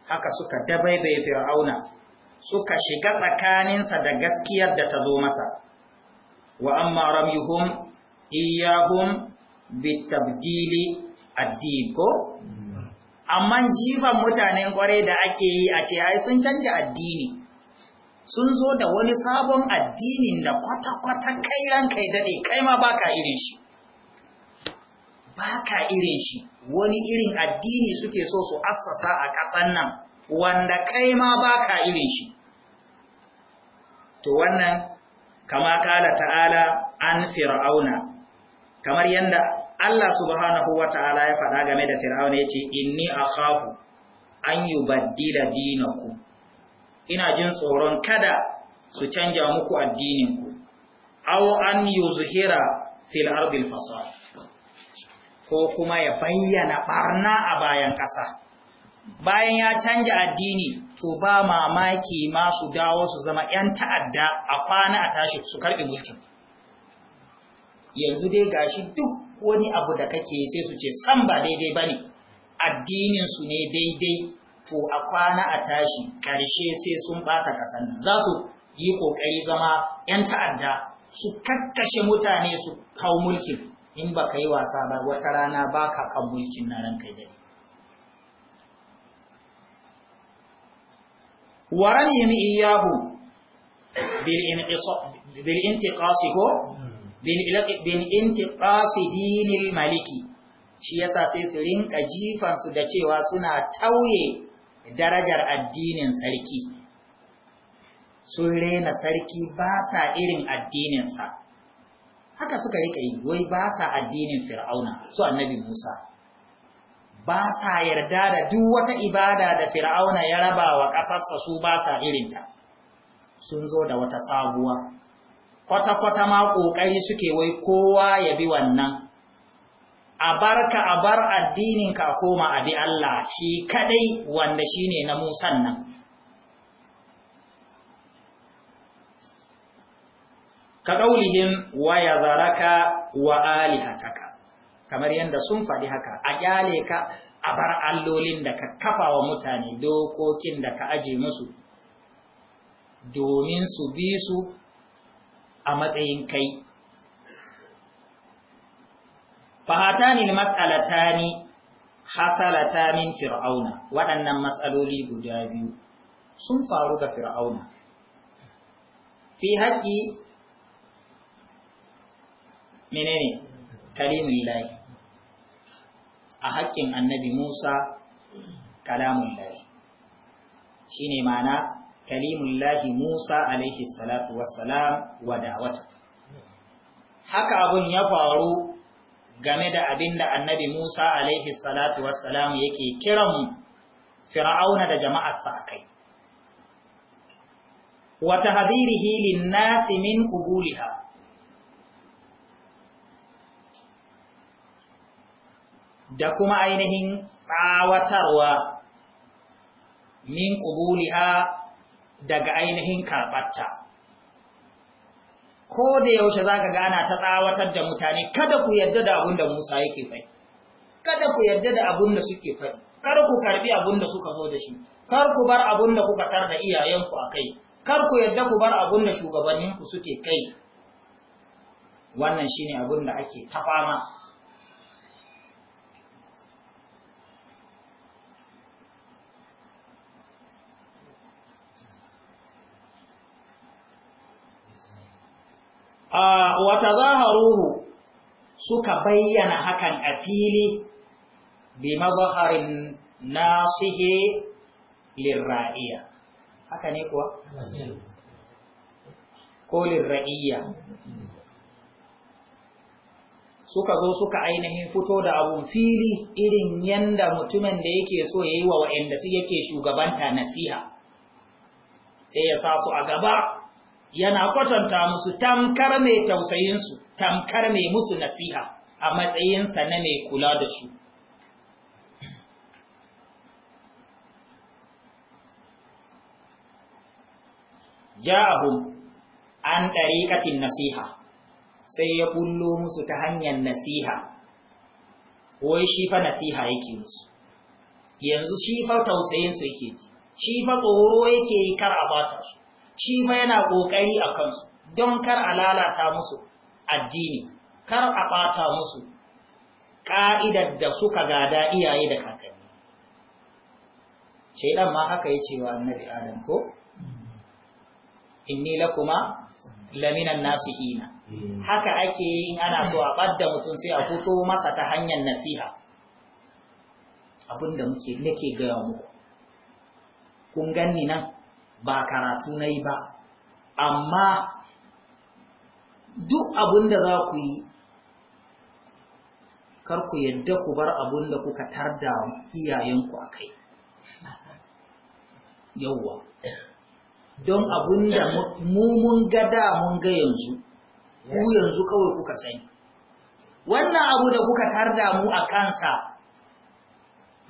haka suka dabaibaye fir'auna suka shiga tsakaninsa da gaskiyar da ta zo masa wa amma ramyuhum iyyahum bitabdili addini ko amma jifan mutanen kwarai da ake yi a ce ai sun canja addini sun zo da wani sabon addinin da kwata-kwata kai ranka ya daɗe kai ma baka irin shi baka irin shi wani irin addini suke so su assasa a kasan nan wanda kai ma baka irin shi to wannan kama kala ta'ala an fir'auna kamar yadda Allah subhanahu wa ta'ala ya faɗa game da fir'auna ce inni akhafu an baddila dinakum ina jin tsoron kada su canja muku addininku au an yuzhira fil ardi fasad ko kuma ya bayyana ɓarna a bayan ƙasa bayan ya canja addini to ba mamaki ma su dawo su zama 'yan ta'adda a kwana a tashi su karɓi mulkin yanzu dai gashi duk wani abu da kake sai su ce san ba daidai ba ne addininsu ne daidai to a kwana a tashi ƙarshe sai sun bata kasan nan za su yi ƙoƙari zama 'yan ta'adda su kakkashe mutane su kawo mulkin in ba ka yi wasa ba wata rana baka kan mulkin na kai gari waran yami iyahu bil intiqasi ko hmm. maliki shi yasa sai su rinka jifansu da cewa suna tauye darajar addinin sarki sun raina sarki ba irin addininsa haka suka rika yi wai ba addinin fir'auna su annabi musa ba sa yarda da duk wata ibada da fir'auna ya raba wa ƙasarsa su ba sa irinta sun zo da wata sabuwa kwata-kwata ma ƙoƙari suke wai kowa ya bi wannan a barka a bar addininka a koma a bi Allah shi kadai wanda shi ne na musan nan ka ƙaunihin waya zaraka wa alihataka kamar yadda sun faɗi haka a ƙyale ka a bar allolin da ka kafa wa mutane dokokin da ka aje musu domin su bi su a matsayin kai fahatani mas'alatani hasalata min fir'auna waɗannan matsaloli guda biyu sun faru ga fir'auna fi haƙƙi menene kalimin lahi a haƙƙin annabi Musa kalamullahi shi ne mana kalimullahi Musa alaihi salatu wassalam wa da'awata haka abun ya faru game da abin da annabi Musa alaihi salatu wassalam yake kiran fir'auna da jama'arsa a kai wata hadirihi linnasi min kubuliha da kuma ainihin tsawatarwa min ƙubuliha daga ainihin karɓarta. Ko da yaushe za ka gana ta tsawatar da mutane, kada ku yarda da abin da Musa yake faɗi, kada ku yarda da abin da suke faɗi, kar ku karɓi abin da suka zo da shi, kar ku bar abin da kuka tar da iyayenku a kai, kar ku yarda ku bar abin da shugabanninku suke kai. Wannan shi ne abin da ake ta fama. wata zaharuhu suka bayyana hakan a fili bi mazaharin nasihe lirra'iya haka ne kuwa? ko lirra'iya suka zo suka ainihin fito da abun fili irin yanda mutumin da yake so ya yi wa wa'anda su yake shugabanta nasiha sai ya sa su a gaba yana kwatanta musu tamkar mai tausayinsu tamkar mai musu nasiha a matsayinsa na mai kula da su Ja’ahu an ɗariƙatin nasiha sai ya bullo musu ta hanyar nasiha wai shi fa nasiha yake musu yanzu shi fa tausayinsu yake ji shi fa tsoro yake yi kar a bata su shi ma yana ƙoƙari a kansu don kar a lalata musu addini kar a ɓata musu ƙa'idar da suka gada iyaye da kakanni shaidan ma haka ya cewa annabi adam ko inni lakuma laminan hina. haka ake yi ana so a ɓadda mutum sai a fito masa ta hanyar nasiha abinda muke nake gaya muku kun ganni nan ba karatu na ba amma duk abin da za ku yi kar ku yadda ku bar abin da kuka tarda iyayenku a kai yauwa don abin da mun gada mun ga yanzu ku yanzu kawai kuka sani wannan abu da kuka tarda mu a kansa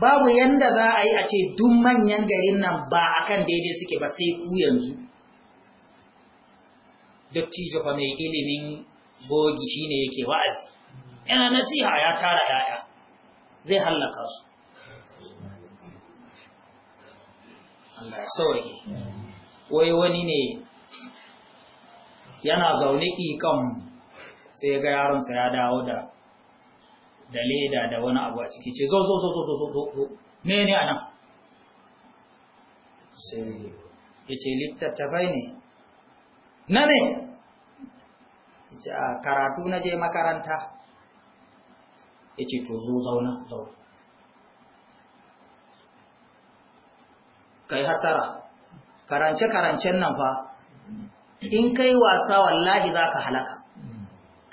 babu yanda za a yi a ce duk manyan garin nan ba akan daidai suke ba sai ku yanzu dattijo fa mai ilimin bogi shi ne yake wa'azi yana nasiha ya tara yaya zai hallaka su Allah ya sauke wai wani ne yana zaune ikon sai ga yaronsa ya dawo da da leda da wani abu a ciki ce zo zo zo zo zo zo zo me ne anan sai ya ce littattafai ne na ne ya ce a karatu na je makaranta ya ce to zo zauna zo kai hatara karance-karancen nan fa in kai wasa wallahi za ka halaka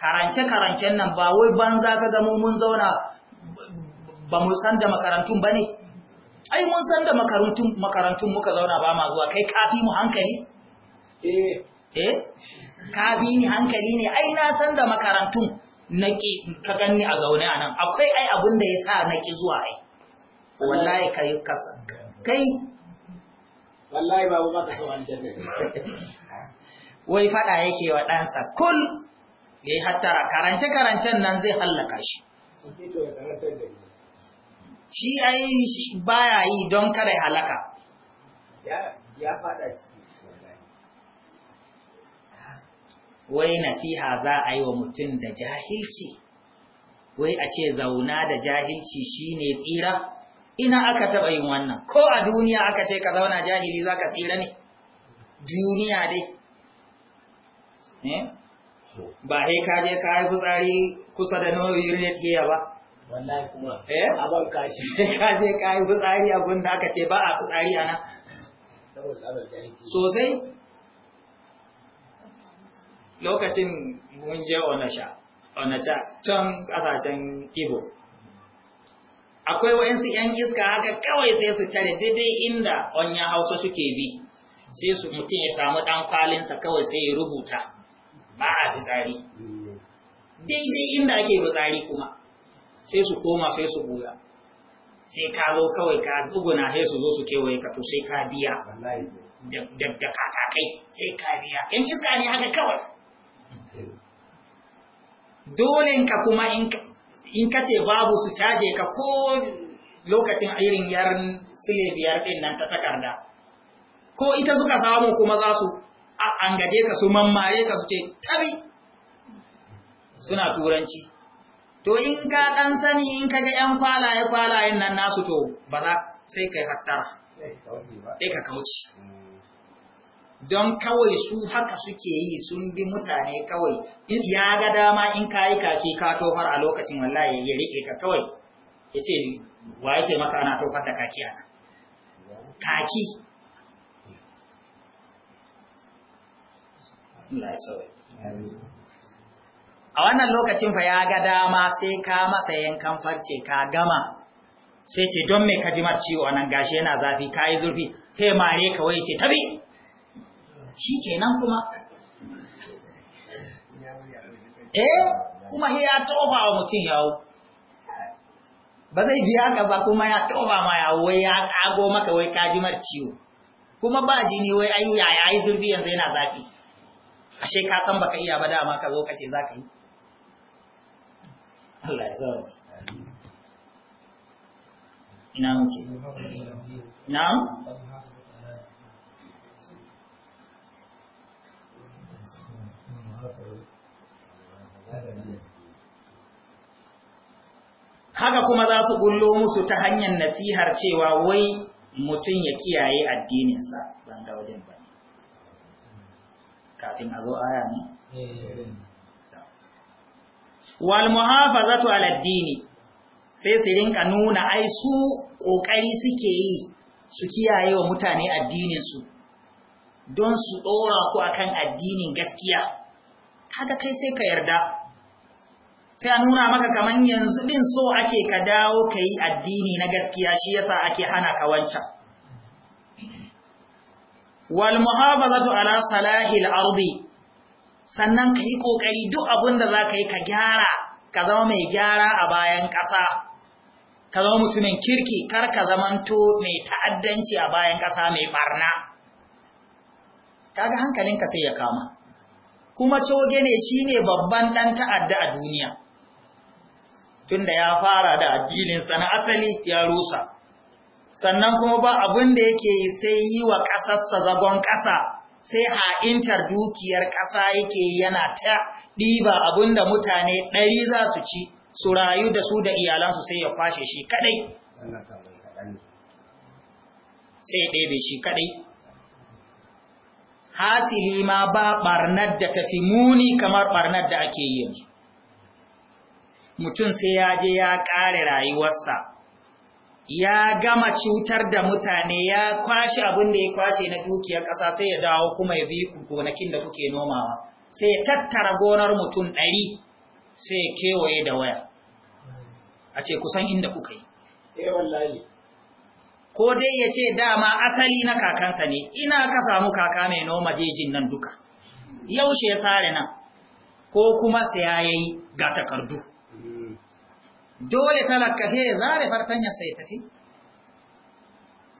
karance-karancen nan ba wai banza ka gamo mun zauna ba mu san da makarantun ba ne ai mun san da makarantun muka zauna ba ma zuwa kai kafi mu hankali eh eh kafi ni hankali ne ai na san da makarantun naki ka ganni a zaune a nan akwai ai abin da ya sa ƙi zuwa ai wallahi kai kai wallahi babu maka so an wai fada yake wa ɗansa kul ya yi hattara karance-karancen nan zai hallaka shi shi a ai baya yi don kare halaka ya fada wai nasiha za a yi wa mutum da jahilci wai a ce zauna da jahilci shi ne tsira ina aka taɓa yin wannan ko a duniya aka ce ka zauna jahili za ka tsira ne duniya dai eh? ba sai ka je ka yi fitsari kusa da nauyin ke ba wallahi kuma eh aban kashi sai ka je ka yi fitsari a gunda aka ce ba a fitsari a nan sosai lokacin mun je onasha onasha can kasashen ibo akwai wa'insu 'yan iska haka kawai sai su tare daidai inda onya hausa suke bi sai su mutum ya samu ɗan kwalinsa kawai sai ya rubuta ba a fitsari mm. daidai inda ake fitsari kuma sai su koma sai su buga sai ka zo kawai ka tsuguna sai su zo su kewaye ka to sai ka biya da katakai sai ka biya yan iska ne haka kawai dole ka kuma in ka ce babu su caje ka ko lokacin irin yar sile biyar ɗin nan ta takarda ko ita suka samu kuma za su an gaje ka su mammare ka su ce tabi suna turanci to in ka dan sani in ka ga yan kwalaye kwalayen nan nasu to ba za sai kai hattara sai ka kauce don kawai su haka suke yi sun bi mutane kawai ya ga dama in ka yi kaki ka tofar a lokacin wallahi ya rike ka kawai ya ce wa ya ce maka ana tofar da kaki ana kaki a wannan lokacin fa ya ga dama sai ka masa yankan farce ka gama sai ce don me ka ji ciwo nan gashi yana zafi ka yi zurfi sai mare ka waye ce tabi shi kenan kuma eh kuma ya toba wa mutum yawo ba zai biya ka ba kuma ya toba ma yawo wai ya kago maka wai ka ji ciwo kuma ba jini wai ayi yaya yi zurfi yanzu yana zafi ashe ka san baka iya ba dama ka zo ka ce za ka yi Allah ya zaune ina muke na haka kuma za su gullo musu ta hanyar nasihar cewa wai mutum ya kiyaye addininsa ban ga wajen ba kafin a zo aya ne wal muhafazatu ala addini sai su rinka nuna ai su ƙoƙari suke yi su kiyaye wa mutane addinin su don su dora ku akan addinin gaskiya kaga kai sai ka yarda sai a nuna maka kamar yanzu din so ake ka dawo ka yi addini na gaskiya shi yasa ake hana ka wancan wal muhafazatu ala salahil ardi sannan ka yi kokari duk abinda da zaka yi ka gyara ka zama mai gyara a bayan ƙasa ka zama mutumin kirki kar ka zamanto mai ta'addanci a bayan ƙasa mai barna kaga hankalinka sai ya kama kuma coge ne shine babban dan ta'adda a duniya tunda ya fara da addinin sana asali ya rusa sannan kuma ba abin da yake sai yi wa ƙasarsa zagon ƙasa sai ha'intar dukiyar ƙasa yake yana ta ɗiba abin da mutane ɗari za su ci su rayu da su da iyalansu sai ya kwashe shi kaɗai sai ɗebe shi kaɗai hasili ma ba ɓarnar da tafi muni kamar ɓarnar da ake yi yanzu mutum sai ya je ya ƙare rayuwarsa ya gama cutar da mutane ya kwashe abin da ya kwashe na dukiyar ƙasa sai ya dawo kuma ya bi gonakin da kuke nomawa sai ya tattara gonar mutum ɗari sai ya kewaye da waya a ce kusan inda kuka yi eh, ko dai ya ce dama asali na kakansa ne ina ka samu kaka mai noma jejin nan duka yaushe ya sare nan ko kuma sai ya yi ga takardu dole talaka he zare fartanya sai tafi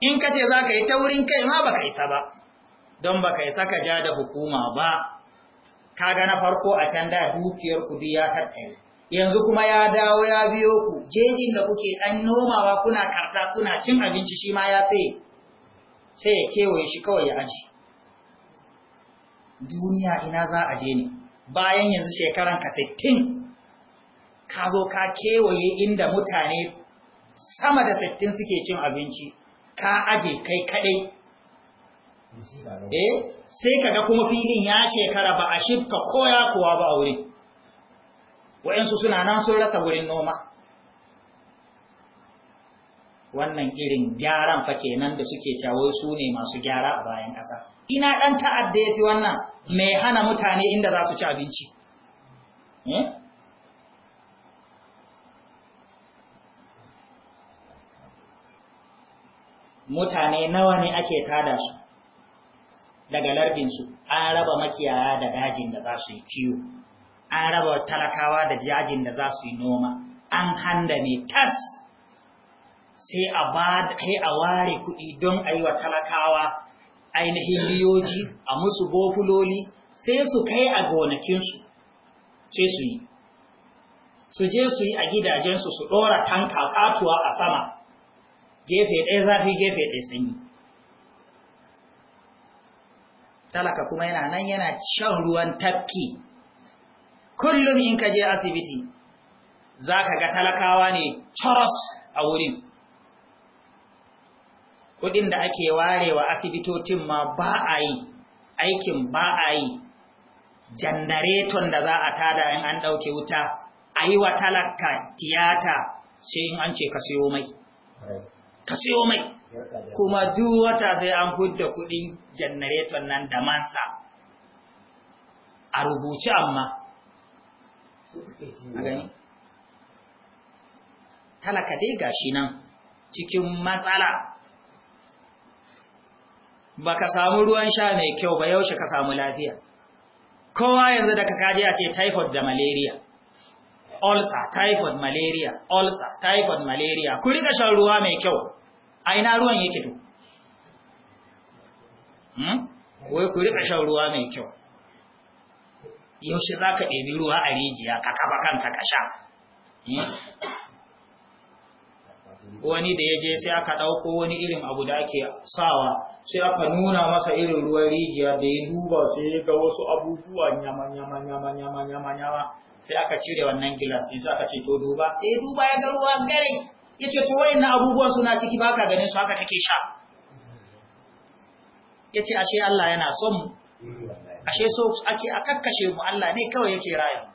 in kace zaka yi taurin kai ma baka isa ba don baka isa ka ja da hukuma ba kaga na farko a can da dukiyar ku ya tattare yanzu kuma ya dawo ya biyo ku jejin da kuke dan nomawa kuna karta kuna cin abinci shi ma ya tsaye sai ya kewaye shi kawai ya aji duniya ina za a je ne bayan yanzu shekaran ka 60 ka zo ka kewaye inda mutane sama da sittin suke cin abinci ka aje kai kadai eh sai kaga kuma filin ya shekara ba a shifka koya kuwa ba a wurin waɗansu suna nan sun rasa wurin noma wannan irin gyaran fa kenan da suke cawo su ne masu gyara a bayan ƙasa ina ɗan ta'adda ya fi wannan mai hana mutane inda za su ci abinci eh? mutane nawa ne ake tada su daga larbin su? an raba makiyaya da dajin da za su yi kiwo an raba talakawa da dajin da za su yi noma an handa ne tas sai a ware kuɗi don a yi talakawa ainihin biyoji a musu bofuloli sai su kai a gonakinsu sai su yi su je su yi a gidajensu su ɗora tanka katuwa a sama gefe ɗaya zafi gefe ɗaya sanyi talaka kuma yana nan yana shan ruwan tafki kullum in ka je asibiti za ka ga talakawa ne coros a wurin kudin da ake warewa asibitocin ma ba a yi aikin ba a yi jandareton da za a tada in an ɗauke wuta a yi wa talaka tiyata sai in an ce ka siyo mai ka siyo mai kuma duk wata sai an fudda kudin janareton nan da mansa a rubuce amma dai gashi nan cikin matsala baka samu ruwan sha mai kyau ba yaushe ka samu lafiya kowa yanzu da ka kaje a ce typhoid da malaria ulcer typhoid malaria ulcer typhoid malaria ku rika shan ruwa mai kyau a ina ruwan yake to hmm wai ku rika shan ruwa mai kyau yaushe zaka ɗebi ruwa a rijiya ka kafa kanka ka sha hmm? wani da ya je sai aka ɗauko wani irin abu da ake sawa sai aka nuna masa irin ruwan rijiya da ya duba sai ya ga wasu abubuwa nyama nyama nyama nyama nyama nyama sai aka cire wannan gila in sai aka ce to duba ya duba ya ga ruwa gare yace to wayannan abubuwan suna ciki baka ganin su haka kake sha yace ashe Allah yana son mu ashe so ake akakkashe mu Allah ne kawai yake raya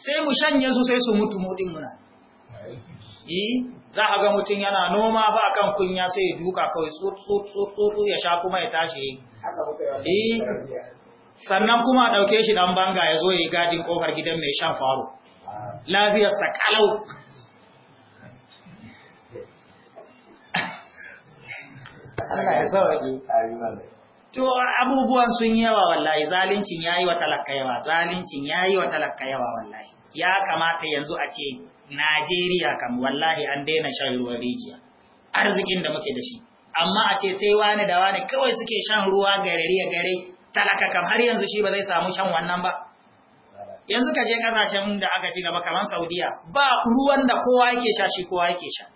sai mu shanye su sai su mutu mu din muna za a ga mutum yana noma ba akan kunya sai ya duka kawai tsutsutsu ya sha kuma ya tashi yi eh. sannan kuma ɗauke shi ɗan banga ya zo ya yi gadin ƙofar gidan mai shan faro Lafiyar kalau Allah to abubuwan sun yi yawa wallahi zalincin yi wa talaka yawa zalincin yi wa talaka yawa wallahi ya kamata yanzu a ce Najeriya kam wallahi an daina shan ruwan rijiya arzikin da muke da shi amma a ce sai wani da wani kawai suke shan ruwa garari ya gare talaka kam har yanzu shi ba zai samu shan wannan ba yanzu ka je kasashen da aka ci gaba kamar Saudiya ba ruwan da kowa yake sha shi kowa yake sha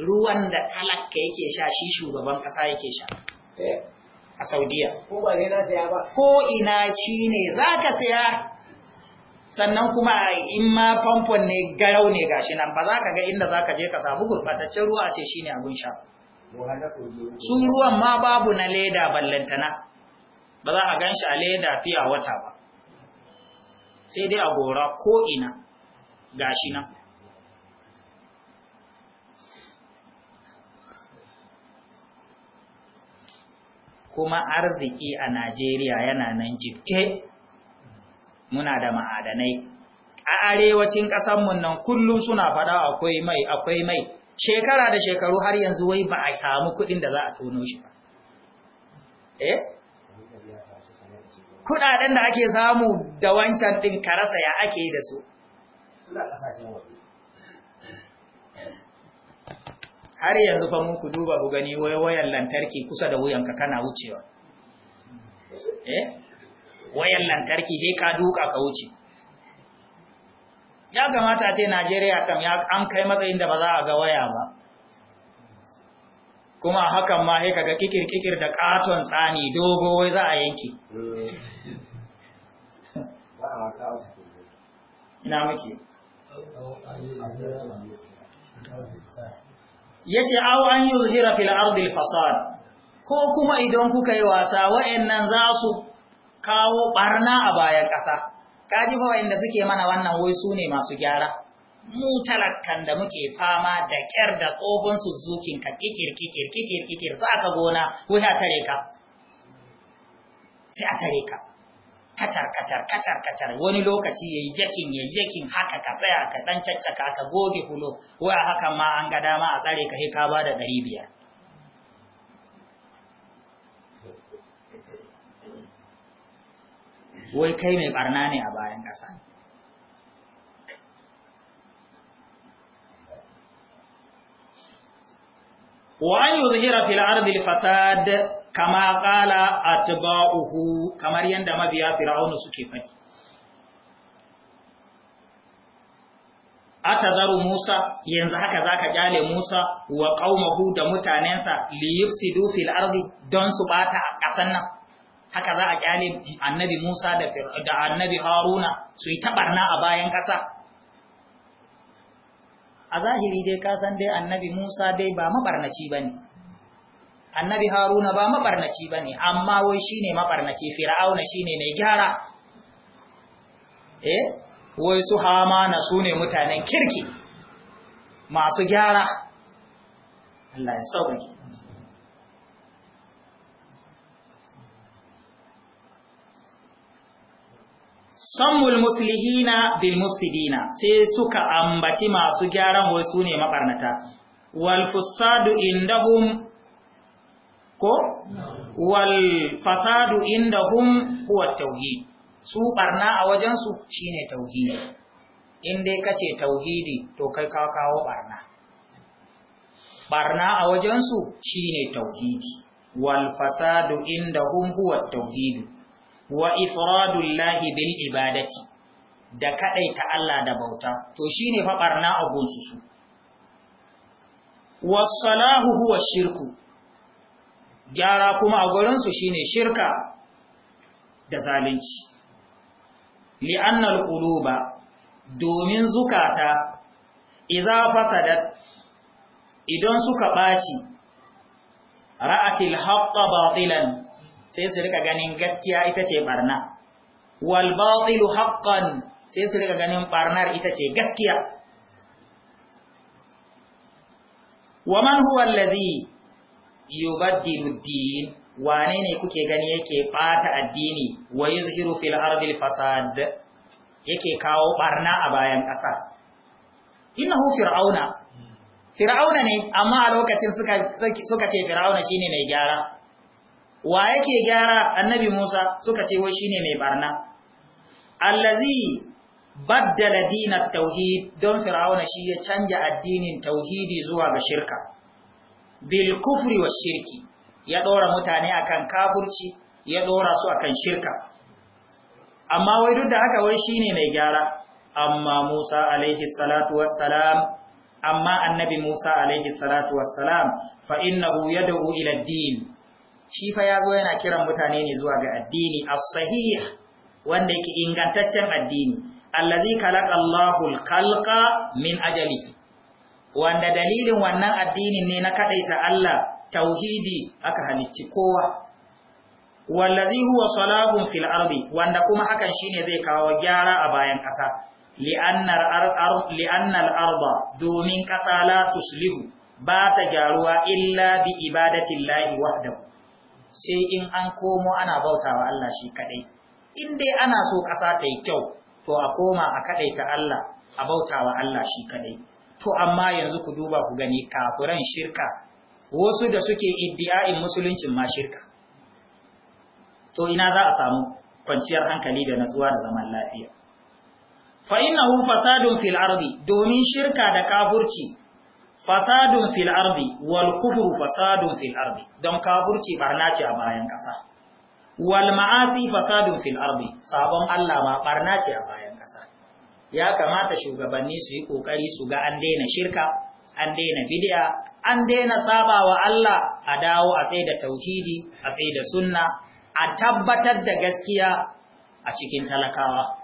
ruwan da talaka yake sha shi shugaban kasa yake sha eh. a Saudiya ko ina shi ne zaka saya sannan kuma in ma famfon ne garau ne gashi nan ba za ka ga inda za ka je ka samu gurbataccen ruwa ce shine abin sha su ruwan ma babu na leda ballantana ba za a gan a leda fiya wata ba sai dai a gora ko'ina gashi nan kuma arziki a Najeriya yana nan jibke muna da ma'adanai a arewacin ƙasanmu nan kullum suna faɗa akwai mai akwai mai shekara da shekaru har yanzu wai ba a samu kuɗin da za a tono shi ba eh kuɗaɗen da ake samu da wancan ɗin karasa ya ake da su har yanzu fa muku duba ku gani wayoyin lantarki kusa da wuyanka kana wucewa eh wayan lantarki sai ka duka ka wuce ya gamata ce Najeriya kam ya an kai matsayin da ba za a ga waya ba kuma hakan ma sai kaga kikir kikir da katon tsani dogo wai za a yanke ina muke yace aw an yuzhira fil ardi fasad ko kuma idan kuka yi wasa wayannan za su kawo barna a bayan ƙasa kaji fa wa'inda suke mana wannan wai su ne masu gyara mu talakkan da muke fama da kyar da tsohon su zukin ka kikir kikir kikir kikir za ka gona wai a tare ka sai a tare ka kacar kacar kacar kacar wani lokaci yayi jakin yayi jakin haka ka tsaya ka dan caccaka ka goge hulo wai haka ma an ga dama a tsare ka sai ka ɗari biyar. wai kai mai barna ne a bayan ƙasa wa an yuzhira fil ardi fasad kama qala atba'uhu kamar yadda mabiya fir'aunu suke faɗi atazaru Musa yanzu haka zaka kyale Musa wa qaumahu da mutanensa li yufsidu fil don su bata a ƙasar nan haka za a kyale annabi Musa da annabi Haruna su yi tabarna a bayan ƙasa. A zahiri dai san dai annabi Musa dai ba mabarnaci ba ne, annabi Haruna ba mabarnaci ba ne, amma wai shine mabarnaci, fir'auna shine mai gyara. Eh, wai su hamana su ne mutanen kirki masu gyara. Allah ya sauke sammul muslihina bil mufsidina sai suka ambaci masu gyaran wai su ne mabarnata wal fasadu indahum ko wal fasadu indahum huwa tauhid su barna a wajen su shine tauhid in dai kace tauhidi to kai ka kawo barna barna a wajen su shine tauhidi wal fasadu indahum huwa tauhid wa ifradullahi bil ibadati da kadaita Allah da bauta to shine fa barna a gunsu su Salahu huwa shirku gyara kuma a gurin su shine shirka da zalunci li'anna al-quluba domin zukata idza fasadat idan suka ɓaci ra'atil haqqa batilan sai su rika ganin gaskiya ita ce barna wal batilu haqqan sai su rika ganin barnar ita ce gaskiya wa man huwa allazi yubaddilu din wane ne kuke gani yake bata addini wa yuzhiru fil ardi fasad yake kawo barna a bayan ƙasa innahu fir'auna fir'auna ne amma a lokacin suka suka ce fir'auna shine mai gyara wa yake gyara annabi Musa suka ce wai shine mai barna allazi baddala dinat tauhid don fir'auna shi ya canja addinin tauhidi zuwa ga shirka bil kufri wa shirki ya dora mutane akan kafirci ya dora su akan shirka amma wai duk da haka wai shine mai gyara amma Musa alaihi salatu wassalam amma annabi Musa alaihi salatu wassalam fa innahu yad'u ila ad-din shi fa ya zo yana kiran mutane ne zuwa ga addini as-sahih wanda yake ingantaccen addini allazi khalaqa Allahu al-khalqa min ajali wanda dalilin wannan addinin ne na kadaita Allah tauhidi aka halicci kowa wallazi huwa salahun fil ardi wanda kuma hakan shine zai kawo gyara a bayan ƙasa li'anna al domin ƙasa la tuslihu ba ta gyaruwa illa bi ibadatillahi wahdahu sai in an komo ana bautawa Allah shi kadai in dai ana so ƙasa ta yi kyau to a koma a kadai ta Allah a bautawa Allah shi kadai to amma yanzu ku duba ku gani kafuran shirka wasu da suke iddi'a'in musuluncin ma shirka to ina za a samu kwanciyar hankali da natsuwa da zaman lafiya fa innahu fasadun fil ardi domin shirka da kafurci fasadun fil ardi wal kufru fasadun fil ardi don kafurci barna ce a bayan kasa wal ma'asi fasadun fil ardi sabon Allah ma barna ce a bayan kasa ya kamata shugabanni su yi kokari su ga an daina shirka an daina bid'a an daina sabawa Allah a dawo a tsaye da tauhidi a tsaye da sunna a tabbatar da gaskiya a cikin talakawa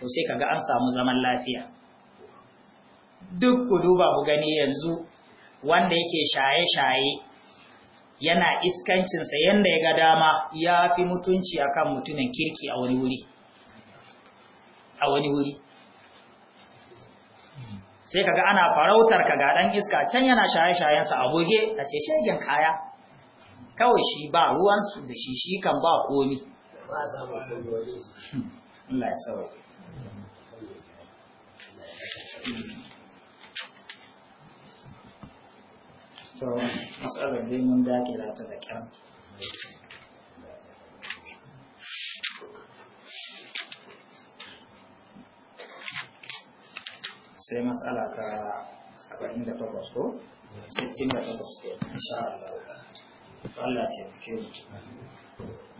to sai kaga an samu zaman lafiya duk ku duba ku gani yanzu wanda yake shaye-shaye yana iskancinsa yanda ya ga dama ya fi mutunci akan mutumin kirki a wani wuri a wani wuri sai kaga ana farautar ka ga dan iska can yana shaye-shayensa a goge a ce shegen kaya kawai shi ba ruwansu da shi shi kan ba komi hmm. Allah ya to matsalar dai mun dakira ta da kyar sai matsala ta 78 ko 68 ke insha Allah Allah ce ke mu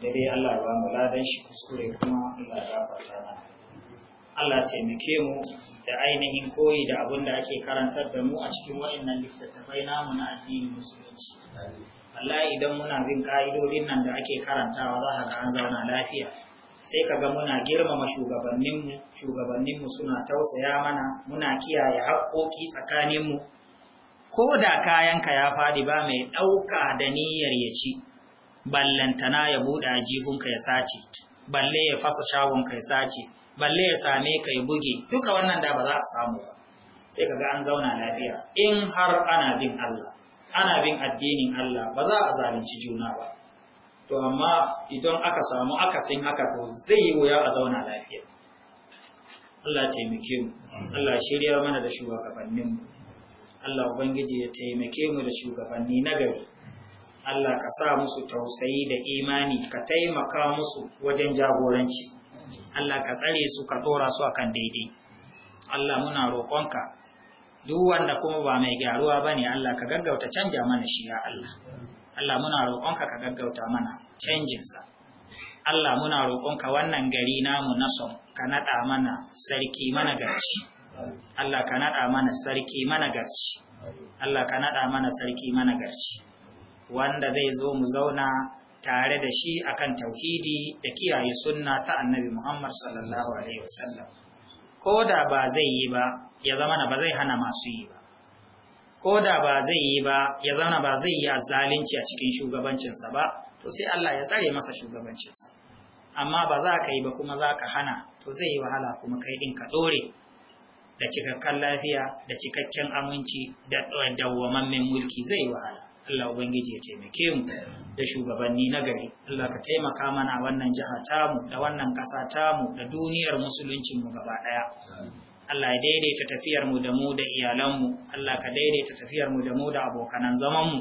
dare Allah ba mu ladan shi kuskure kuma Allah ya gafarta Allah ce mu da ainihin koyi da abin da ake karantar da mu a cikin wa'annan littattafai namu na addinin musulunci wallahi idan muna bin ka'idodin nan da ake karantawa za ka ga an zauna lafiya sai ka ga muna girmama shugabanninmu shugabanninmu suna tausaya mana muna kiyaye haƙƙoƙi tsakaninmu ko da kayanka ya faɗi ba mai ɗauka da niyyar ya ci ballantana ya buɗe jihunka ya sace balle ya fasa shagonka ya sace balle ya same ka ya buge duka wannan da ba za a samu ba sai kaga an zauna lafiya in har ana bin Allah ana bin addinin Allah ba za a zalunci juna ba to amma idan aka samu akasin haka to zai yi wuya a zauna lafiya Allah taimake mu Allah shiryar mana da shugabannin mu Allah ubangiji ya taimake mu da shugabanni na gari, Allah ka sa musu tausayi da imani ka taimaka musu wajen jagoranci Allah ka tsare su ka dora su akan daidai Allah muna roƙonka duk wanda kuma ba mai gyaruwa bane Allah ka gaggauta canja mana shi ya Allah Allah muna roƙonka ka gaggauta mana canjinsa Allah muna roƙonka wannan gari namu na son ka naɗa mana sarki mana garci Allah ka naɗa mana sarki mana garci Allah ka naɗa mana sarki mana garci wanda zai zo mu zauna tare da shi akan tauhidi da kiyaye sunna ta annabi Muhammad sallallahu alaihi wasallam ko da ba zai yi ba ya zama na ba zai hana masu yi ba ko da ba zai yi ba ya zama ba zai yi zalunci a cikin shugabancinsa ba to sai Allah ya tsare masa shugabancinsa amma ba za ka yi ba kuma za ka hana to zai yi wahala kuma kai din ka dore da cikakken lafiya da cikakken aminci da dawwamammen mulki zai yi wahala Allah ubangiji ya taimake mu da shugabanni na gari Allah ka taimaka mana wannan jiha tamu da wannan ƙasa tamu da duniyar musulunci mu gaba ɗaya Allah ya daidaita tafiyar mu da mu da iyalanmu Allah ka daidaita tafiyarmu mu da mu da abokanan zaman mu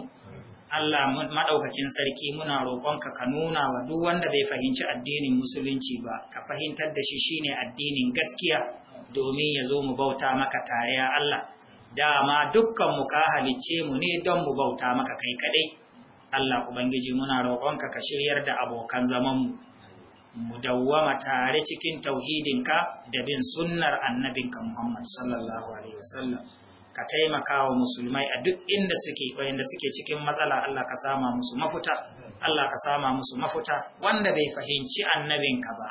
Allah maɗaukakin sarki muna roƙonka ka nuna wa duk wanda bai fahimci addinin musulunci ba ka fahimtar da shi shine addinin gaskiya domin ya zo mu bauta maka tare ya Allah dama dukkan mu ka halice mu ne don mu bauta maka kai kadai Allah ubangiji muna roƙonka ka shiryar da abokan zaman mu mu dawwama tare cikin tauhidinka da bin sunnar annabinka Muhammad sallallahu alaihi wasallam ka taimaka wa musulmai a duk inda suke suke cikin matsala Allah ka sama musu mafuta Allah ka sama musu mafuta wanda bai fahimci annabinka ba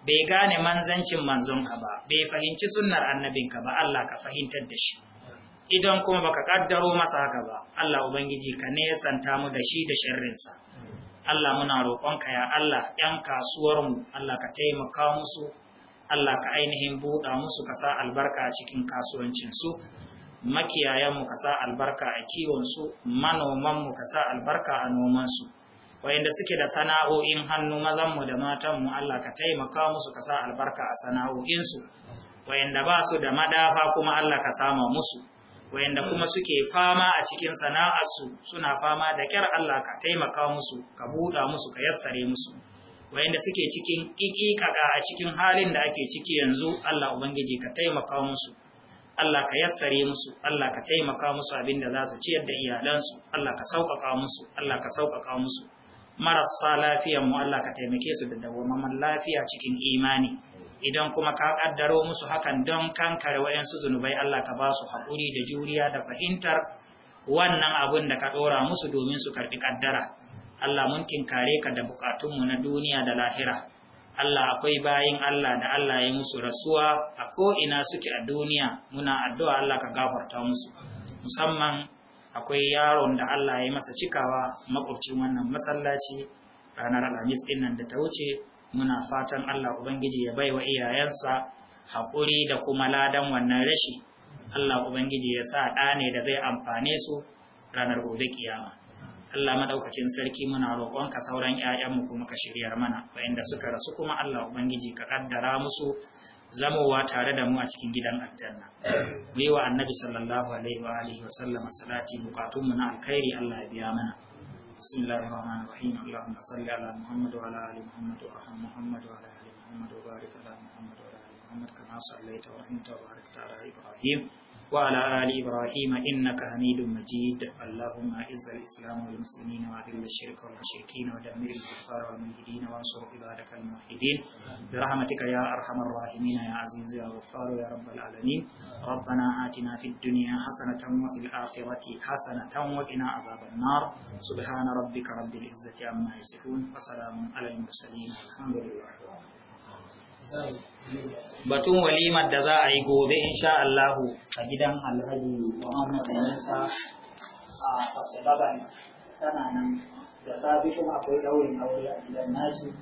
bai gane manzancin manzonka ba bai fahimci sunnar annabinka ba Allah ka fahimtar da shi idan kuma baka kaddaro masa haka ba Allah ubangiji ka santa mu da shi da sharrinsa Allah muna roƙonka ya Allah ƴan kasuwarmu Allah ka taimaka musu Allah ka ainihin buɗa musu ka sa albarka a cikin kasuwancinsu makiyayanmu ka sa albarka a kiwonsu manomanmu ka sa albarka a nomansu wayanda suke da sana'o'in hannu mazanmu da matanmu Allah ka taimaka musu ka sa albarka a sana'o'insu wayanda ba su da madafa kuma Allah ka sama musu wayanda kuma suke fama a cikin sana'arsu suna fama da kyar Allah ka taimaka musu ka buɗa musu ka yassare musu wayanda suke cikin ƙiƙiƙaƙa a cikin halin da ake ciki yanzu Allah ubangiji ka taimaka musu Allah ka yassare musu Allah ka taimaka musu abinda za su ciyar da iyalansu Allah ka sauƙaƙa musu Allah ka sauƙaƙa musu marasa lafiyar mu Allah ka taimake su da dawwammamin lafiya cikin imani idan kuma ka kaddaro musu hakan don kankare wayansu zunubai Allah ka ba su haƙuri da juriya da fahimtar wannan abin da ka ɗora musu domin su karɓi kaddara Allah mun tinkare ka da mu na duniya da lahira Allah akwai bayin Allah da Allah ya musu rasuwa a ko'ina suke a duniya muna addu'a Allah ka gafarta musu musamman akwai yaron da Allah ya masa cikawa makwabcin wannan masallaci ranar alhamis ɗin nan da ta wuce muna fatan Allah Ubangiji ya bai wa iyayensa haƙuri da kuma ladan wannan rashi Allah Ubangiji ya sa ɗa ne da zai amfane su ranar gobe kiyama Allah madaukakin sarki muna roƙonka sauran 'ya'yanmu kuma ka shiryar mana wayanda suka rasu kuma Allah Ubangiji ka ƙaddara musu zamowa tare da mu a cikin gidan aljanna mu yi wa annabi sallallahu alaihi wa wa sallama salati bukatunmu na alkhairi Allah ya biya mana بسم الله الرحمن الرحيم اللهم صل على محمد وعلى ال محمد وعلى محمد وعلى ال محمد وبارك على محمد وعلى ال محمد كما صليت ورحمت وباركت على ابراهيم وعلى آل إبراهيم إنك حميد مجيد اللهم أعز الإسلام والمسلمين وأذل الشرك والمشركين ودمر الكفار والملحدين وانصر عبادك الموحدين برحمتك يا أرحم الراحمين يا عزيز يا غفار يا رب العالمين ربنا آتنا في الدنيا حسنة وفي الآخرة حسنة وقنا عذاب النار سبحان ربك رب العزة عما يصفون وسلام على المرسلين الحمد لله batun walimar da za a yi gobe in sha Allahu a gidan Alhaji Muhammad Musa a Fasalaban tana nan da safi kuma akwai ɗaurin aure a gidan nashi